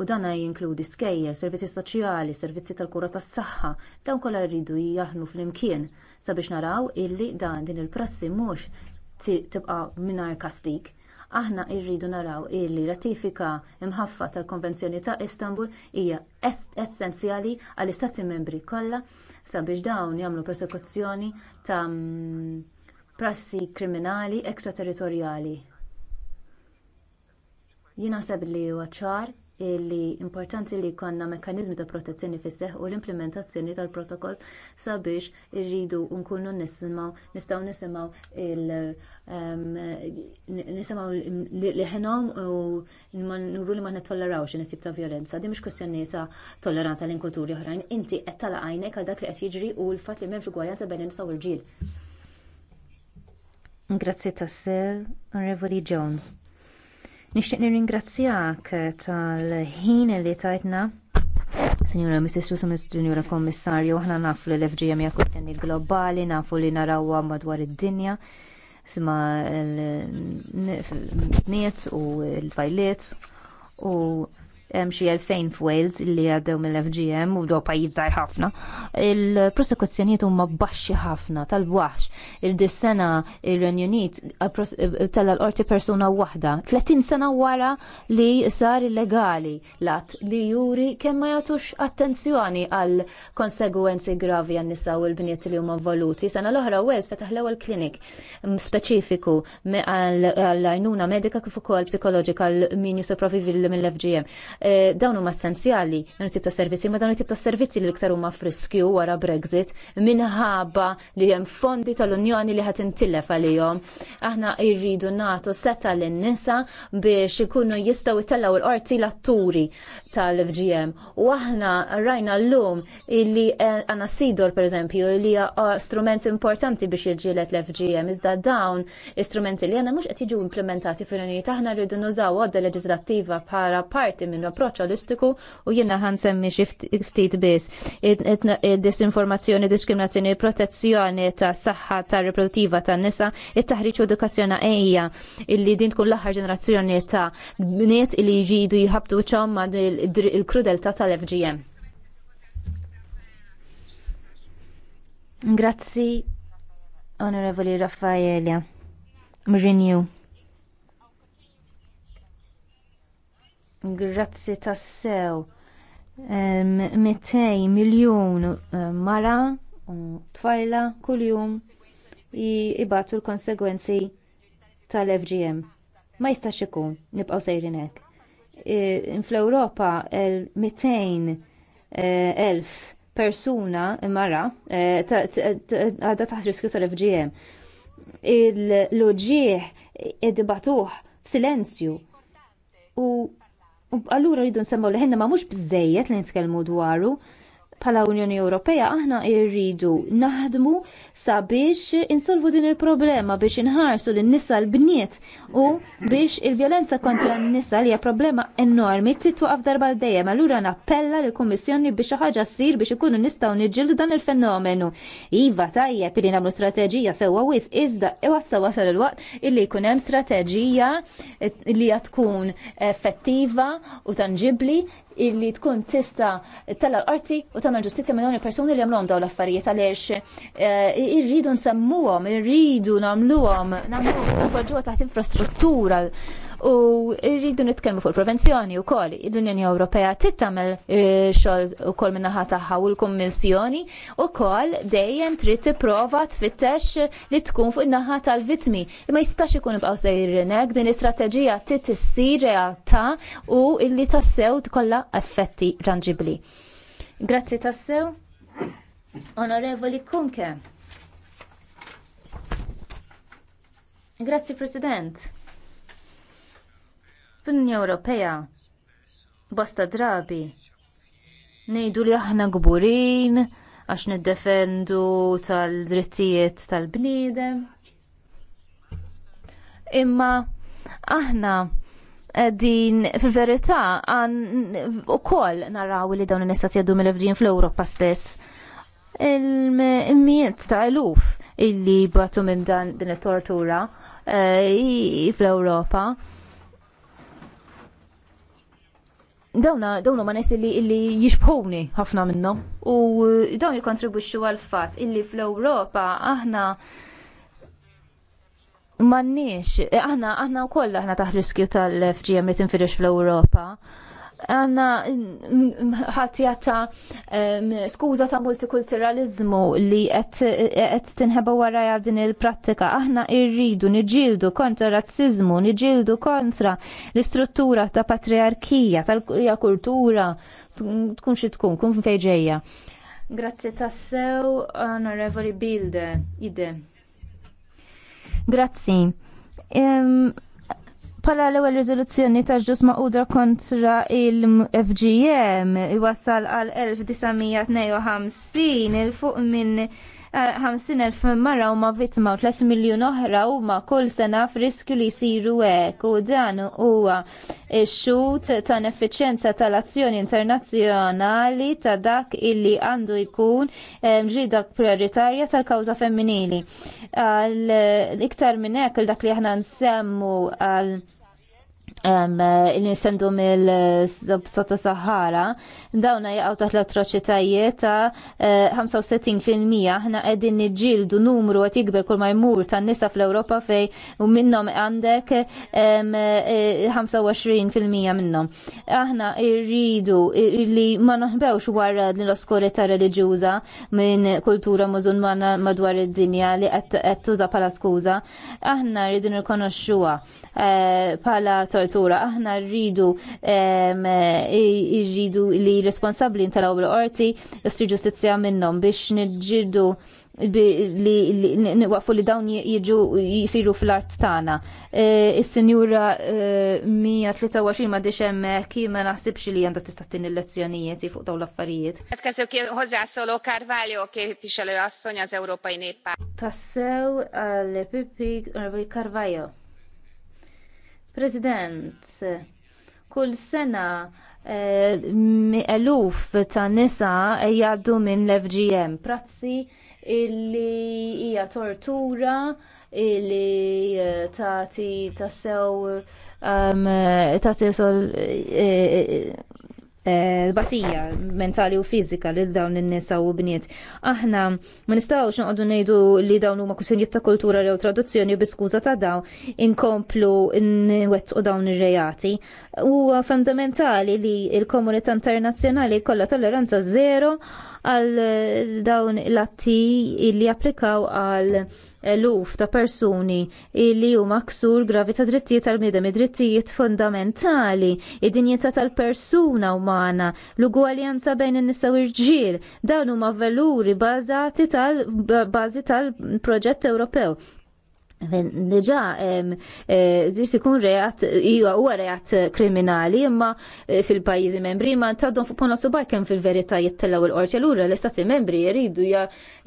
U dan jinkludi skejja, servizzi soċjali, servizzi tal-kura tas-saħħa, dawn kollha jridu jaħdmu flimkien sabiex naraw illi dan din il-prassi mhux tibqa' mingħajr kastik. Aħna rridu naraw illi ratifika imħaffa tal-Konvenzjoni ta' Istanbul hija essenzjali għall istati membri kollha sabiex dawn jagħmlu prosekuzzjoni ta' mm, prassi kriminali ekstraterritorjali jien naħseb li huwa ċar li importanti li jkollna mekkaniżmi ta' protezzjoni fis-seħħ u l-implementazzjoni tal-protokoll sabiex irridu nkunu nisimgħu nistgħu nisimgħu nisimgħu liħinhom u nuru li ma nittollerawx in tip ta' vjolenza. Din mhux kwestjoni ta' tolleranza lejn kulturi oħrajn. Inti qed tala' għajnek għal dak li qed jiġri u l-fatt li m'hemmx ugwaljanza bejn nisa u l-ġiel Grazzi tassew, Onorevoli Jones. Nixtieq nirringrazzjak tal-ħin li tajtna Sinjura Mrs. Summers, Sinjura Kommissarju, ħna nafu li l-FGM hija kwestjoni globali, nafu li narawha madwar id-dinja, sima l-niet u l-fajliet u hemm xi elfejn f'Wales li għaddew mill-FGM u do pajjiż ħafna. Il-prosekuzzjonijiet huma baxxi ħafna tal-bwaħx. Il-dis-sena ir-Renju Unit tal qorti persuna waħda. 30 sena wara li sar illegali lat li juri kemm ma jagħtux attenzjoni għal konsegwenzi gravi għan nisa u l-bniet li huma voluti. Sena l-oħra Wales fetaħ l-ewwel klinik speċifiku għall-għajnuna medika kif ukoll psikoloġika l min jisopravivi mill-FGM Eh, dawn huma essenzjali dawn it-tip ta' servizzi, ma dawn it-tip ta' servizzi li iktar huma friskju wara Brexit minħabba li hemm fondi tal-Unjoni li ħadd intilef għalihom. Aħna jridu nagħtu seta' lin-nisa biex ikunu jistgħu jtellaw il-qorti l-atturi tal-FGM. U aħna rajna llum illi għandna eh, sidor pereżempju li hija eh, strument importanti biex jiġġieled l-FGM iżda dawn istrumenti li għandna mhux qed jiġu implementati fil unijiet aħna rridu nużaw għodda leġislattiva bħala parti minn minn approċċ holistiku u jiena ħansemmi xi ftit biss. Disinformazzjoni, diskriminazzjoni, protezzjoni ta' saħħa ta' riproduttiva ta' nisa, it-taħriġ u edukazzjoni ejja illi din tkun l-aħħar ġenerazzjoni ta' bniet illi jġidu jħabtu ċom ma' il-krudelta tal-FGM. Grazzi, Onorevoli Raffaele. Mrinju. Grazzi tassew. 200 miljun eh, mara u tfajla kuljum jibatu l-konsegwenzi tal-FGM. Ma jistax ikun nibqgħu sejrin hekk. Fl-Ewropa 200 eh, elf persuna mara eh, għadha taħt riskju tal-FGM. Il-loġieħ id-dibatuħ f'silenzju u U allura rridu nsemmaw li ħinna ma mhux bżejjed li nitkellmu dwaru bħala Unjoni Ewropea aħna rridu naħdmu sabiex insolvu din il-problema biex inħarsu lin nisa l-bniet u biex il-vjolenza kontra n-nisa li hija problema enormi titwaqaf darba dejjem allura nappella lill kummissjoni biex xi ħaġa ssir biex ikunu nistgħu niġġieldu dan il-fenomenu. Iva tajjeb li nagħmlu strateġija sewwa wis iżda iwassa wasal il-waqt illi jkun hemm strateġija eh, li tkun effettiva u tanġibli illi tkun tista tella l-qorti u tagħmel ġustizzja minn dawn il-persuni li għamlhom dawn l-affarijiet għaliex eh, irridu nsemmuhom, irridu nagħmluhom, nagħmluhom nipoġġuha taħt infrastruttura u rridu nitkellmu fuq il-prevenzjoni wkoll. L-Unjoni Ewropea tittamel eh, xogħol ukoll min-naħa tagħha u l-Kummissjoni wkoll dejjem trid tipprova tfittex li tkun fuq in-naħa tal-vittmi. Ma jistax ikun ibqgħu sejr hekk din l-istrateġija trid tissir realtà u illi tassew tkollha effetti tangibbli. Grazzi tassew. Onorevoli Kunke. Grazzi President. Fl-Unja Ewropea bosta drabi ngħidu li aħna gburin għax niddefendu tal-drittijiet tal-bniedem. Imma aħna din fil-verità għan u koll naraw li dawn n-nistat jaddu mill-evdin fl-Europa stess. il mijiet ta' eluf illi batu minn dan din it-tortura Eh, fl-Ewropa. dawna dawna ma nessi li, illi jixbħuni ħafna minnhom u eh, dawn jikontribuċu għal fatt illi fl-Ewropa aħna m'għandniex eh, aħna aħna wkoll aħna taħt riskju tal-FGM li tinfirix fl-Ewropa għanna ħatjata skuza ta' multikulturalizmu li qed tinħeba waraja din il-prattika. Aħna irridu nġildu kontra razzizmu, niġildu kontra l-istruttura ta' patriarkija, tal kurja kultura, tkun xi tkun, kun fejġejja. Grazzi tassew, onorevoli Bilde, ide. Grazzi. Um, Pala l-ewwel riżoluzzjoni ta' ġus maqudra kontra il-FGM iwassal għal 1952 il fuq minn 50.000 eh, marra huma vittma u 3 miljun oħra huma kull sena f'riskju li jsiru hekk u dan huwa xut ta' effiċjenza tal-azzjoni internazzjonali ta' dak illi għandu jkun eh, ġida prioritarja tal-kawża femminili. Għal iktar minn hekk dak li aħna nsemmu għal Eh, il-nistendu mill-sotta eh, Sahara, dawna jgħaw taħt l-atroċitajiet ta' 65% eh, ħna qegħdin niġġieldu numru qed jikber kull ma jmur tan-nisa fl-Ewropa fej u minnhom għandek 25% minnhom. Aħna rridu li ma naħbewx wara l-oskurità reliġjuża minn kultura mużulmana madwar id-dinja li qed tuża bħala skuża. Aħna rridu nirkonoxxuha bħala tort kultura. Aħna rridu rridu li responsabbli intalaw bil qorti jostri ġustizzja minnhom biex nġirdu li waqfu li dawn jiġu jisiru fl-art tagħna. E, is-sinjura 123 e, ma dix hemmhekk ma naħsibx li għandha tista' istattin il-lezzjonijiet fuq daw l-affarijiet.
Qed każew kien Karvalio Carvalho kif ixelu għas-Sonja Ewropej Nepal. Tassew għal
Pippi Carvalho. President, kull sena eh, eluf ta' nisa jgħaddu minn l-FGM, prazzi illi hija tortura illi eh, tagħti tassew um, tagħti sol eh, Eh, batija mentali u fizika lil dawn in-nisa u bniet. Aħna ma nistgħux noqogħdu ngħidu li dawn huma kwistjonijiet ta' kultura jew traduzzjoni bi skuża ta' dawn inkomplu nwettqu dawn ir-reati. Huwa fundamentali li l-komunità internazzjonali kollha tolleranza zero għal eh, dawn l-atti li applikaw għal eluf eh, ta' persuni li huma ksur gravi ta' drittijiet tal-bniedem, id-drittijiet fundamentali, id-dinjità tal-persuna umana, l ugualjanza bejn in-nisa u r dawn dawn huma valuri bażati tal-bażi tal-proġett Ewropew Diġa, zir eh, sikun reat ija u reat kriminali, imma eh, fil-pajizi membri, ma taddon fuq ponna subaj fil-verita jittellaw il-qorti l-ura l-istati membri jiridu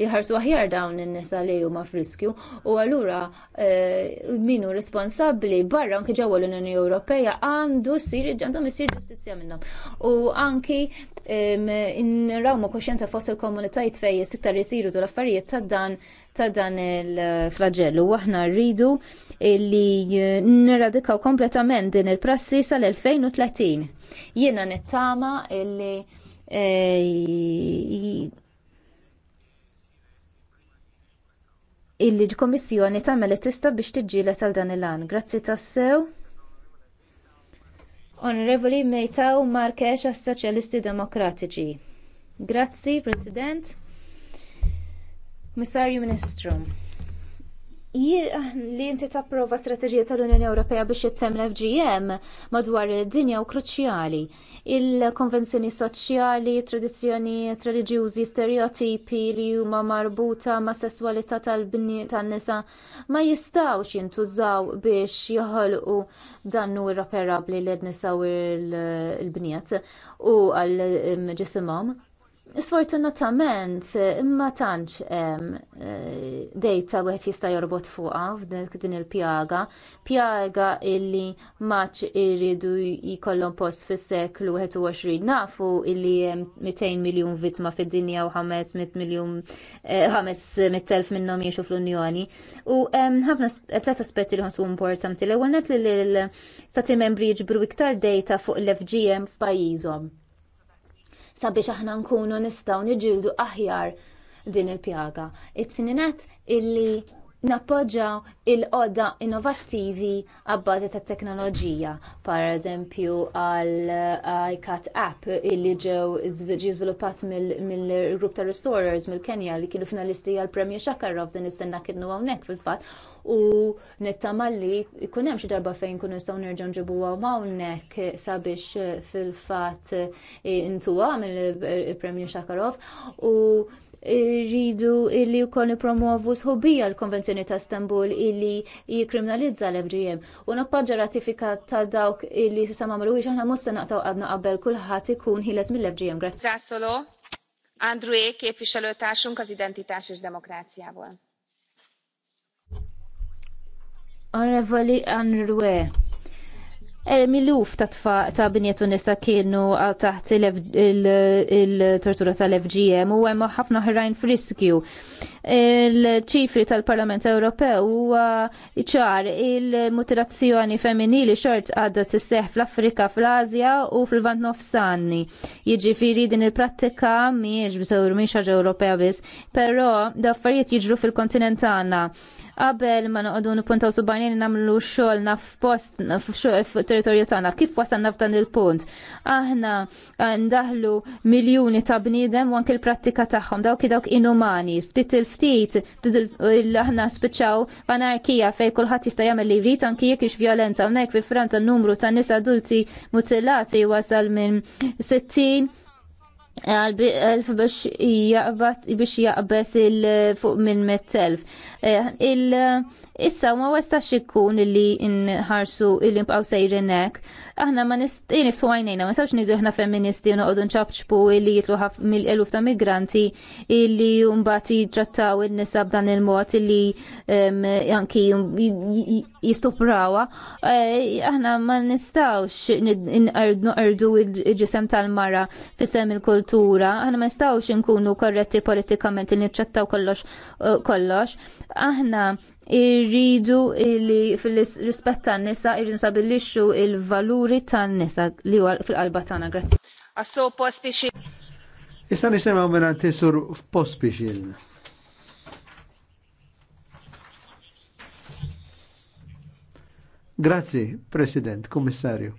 jħarsu aħjar dawn n-nisa li huma friskju u għallura eh, minu responsabli barra anki ġewwa l-Unjoni Ewropea għandu sir għandhom isir ġustizzja minnhom. U anki nrawmu koxjenza fost il-komunitajiet fejn iktar jisiru l affarijiet ta' dan ta' dan il-flagellu u aħna rridu li nirradikaw kompletament din il-prassi sal-2030. Jiena nittama illi eh, illi l-Komissjoni tagħmel tista' biex tiġġiela tal dan il-għan. Grazzi tassew. Onorevoli Mejtaw Markesh għas-Soċjalisti Demokratiċi. Grazzi, President. Kummissarju Ministru, ah, li inti tapprova strateġija tal-Unjoni Ewropea biex jittem l-FGM madwar id-dinja u kruċjali. Il-konvenzjoni soċjali, tradizzjonijiet reliġjużi, stereotipi li huma marbuta ma' sesswalità tal-bini tan-nisa ma jistgħux jintużaw biex joħolqu dannu irreparabli l nisa u l-bniet u għal ġisimhom. Sfortunatament, imma tantx hemm eh, dejta wieħed jista' jorbot fuqha din il-pjaga, pjaga illi maċ iridu jkollhom post fis-seklu 21 nafu illi hemm 200 miljun vittma fid-dinja u 500 miljun 500,000 eh, minnhom jgħixu fl-Unjoni. U hemm ħafna aspetti li ħonsu importanti. L-ewwel li l-stati membri jiġbru iktar dejta fuq l-FGM f'pajjiżhom sabiex aħna nkunu nistgħu niġġieldu aħjar din il-pjaga. It-tieni illi nappoġġjaw il-qodda innovattivi għabbażi tat-teknoloġija, eżempju għal uh, iCat app illi ġew żviluppat mill-grupp ta' restorers mill-Kenja li kienu finalisti għall premju Shakarov din is-sena kienu hawnhekk fil-fatt u nittamalli jkun hemm xi darba fejn kunu nistgħu nerġgħu nġibuha hawnhekk sabiex eh, fil-fatt għamil eh, mill-Premju Shakarov u rridu illi wkoll nipromovu sħobija l-Konvenzjoni ta' Istanbul illi jikriminalizza l-FGM. U nappaġġa ratifika ta' dawk illi se sama mruħi xaħna musta naqtaw għadna qabel kulħadd ikun ħiles mill-FGM. Grazie.
Zászoló, André képviselőtársunk az identitás és għu.
Onorevoli Anrwe, eh, miluf ta' tfa ta' binietu nisa kienu eh, taħt il-tortura tal-FGM u hemm ħafna ħrajn friskju. Il-ċifri tal-Parlament Ewropew huwa ċar il-mutilazzjoni femminili xort għadha tisseħ fl-Afrika, fl azja u fil-Vant Nofsani. Jiġifieri din il-prattika mhijiex biżewr miex ħaġa Ewropea biss, però d-affarijiet jiġru fil kontinentana qabel ma noqogħdu nippuntaw subajnin nagħmlu xogħolna f'post f'territorju tagħna. Kif naf f'dan il-punt? Aħna eh, ndaħlu miljuni ta' bniedem u anke l-prattika tagħhom dawk dawk inumani. Ftit il-ftit aħna spiċaw, anarkija fejn kulħadd jista' jagħmel li jrid anke jekk ix violenza hawnhekk fi Franza n-numru ta' nies adulti mutilati wasal minn 60 għalf biex jaqbat biex jaqbes il fuq minn met eh, Il issa ma westax ikun li nħarsu il-imbqaw sejrinek aħna ma nistgħu nifsu għajnejna, ma sawx nidu aħna femministi noqogħdu nċabċbu li jitlu mill-eluf ta' migranti li mbagħad jitrattaw in-nisa b'dan il-mod li anki jistuprawa. Aħna ma nistgħux nqerdu il-ġisem tal-mara fisem il-kultura, aħna ma nistgħux nkunu korretti politikament li nittrattaw kollox kollox. Aħna irridu li fil-rispett tan-nisa irridu nsabilixxu il-valuri tan-nisa li huwa fil-qalba tagħna. Grazzi.
Assu post
Issa nisimgħu mingħand tisur f'post biex Grazzi, President, Kommissarju.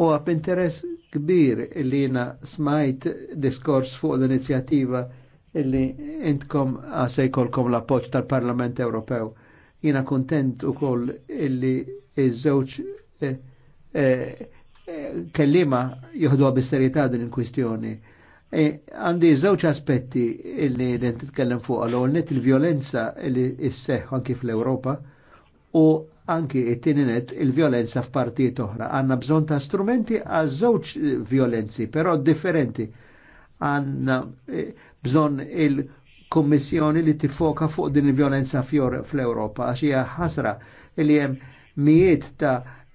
U għab interess kbir li jina smajt diskors fuq l-inizjativa illi intkom ah, kolkom l-appoċ tal-Parlament Ewropew. Jina kontent u koll illi iż-żewġ eh, eh, kellima juhdu għabisserjetà din il-kwistjoni. Eh, għandi żewġ aspetti illi rent titkellem fuq għal net il-violenza illi isseħ anki fl-Ewropa u anki it-tieni net il-violenza f'partijiet oħra. Għanna bżonn ta' strumenti għaż żewġ violenzi, però differenti għanna eh, bżon il-Kommissjoni li tifoka fuq din il-violenza fl-Europa, għax hija ħasra li hemm mijiet ta'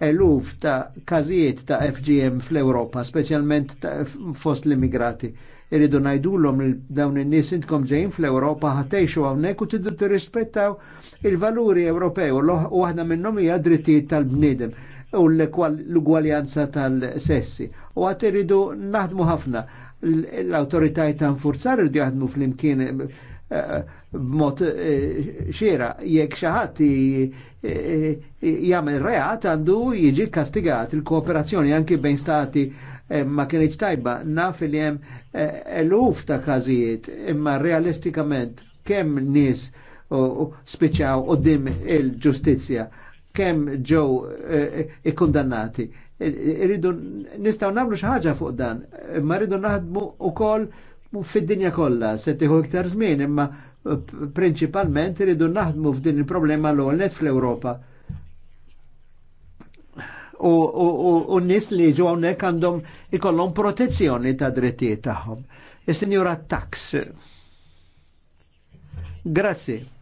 eluf ta' kazijiet ta' FGM fl-Europa, specialment fost l-immigrati. Irridu najdulhom li dawn in-nies intkom ġejjin fl-Europa ħatejxu hawnhekk u tiddu tirrispettaw il-valuri Ewropew u aħna minnhom hija drittijiet tal-bniedem u l-ugwaljanza tal-sessi. U għat irridu naħdmu ħafna l-autoritajiet ta' nfurzar irdu jaħdmu fl-imkien eh, b'mod eh, xiera jekk xi ħadd eh, jagħmel reat għandu jiġi kastigat il-kooperazzjoni anki bejn stati ma kienx tajba naf li hemm eluf ta' każijiet imma realistikament kemm nies spiċċaw qudiem il-ġustizzja kemm ġew ikkundannati. E, irridu nistaw namlu xaħġa fuq dan, imma rridu naħdmu u koll fid-dinja kollha se tieħu iktar żmien, imma prinċipalment irridu naħdmu f'din il-problema l net fl-Ewropa. U n-nis li ġu hawnhekk għandhom ikollhom protezzjoni ta' drittijiet tagħhom. Is-Sinjura e, Tax. Grazie.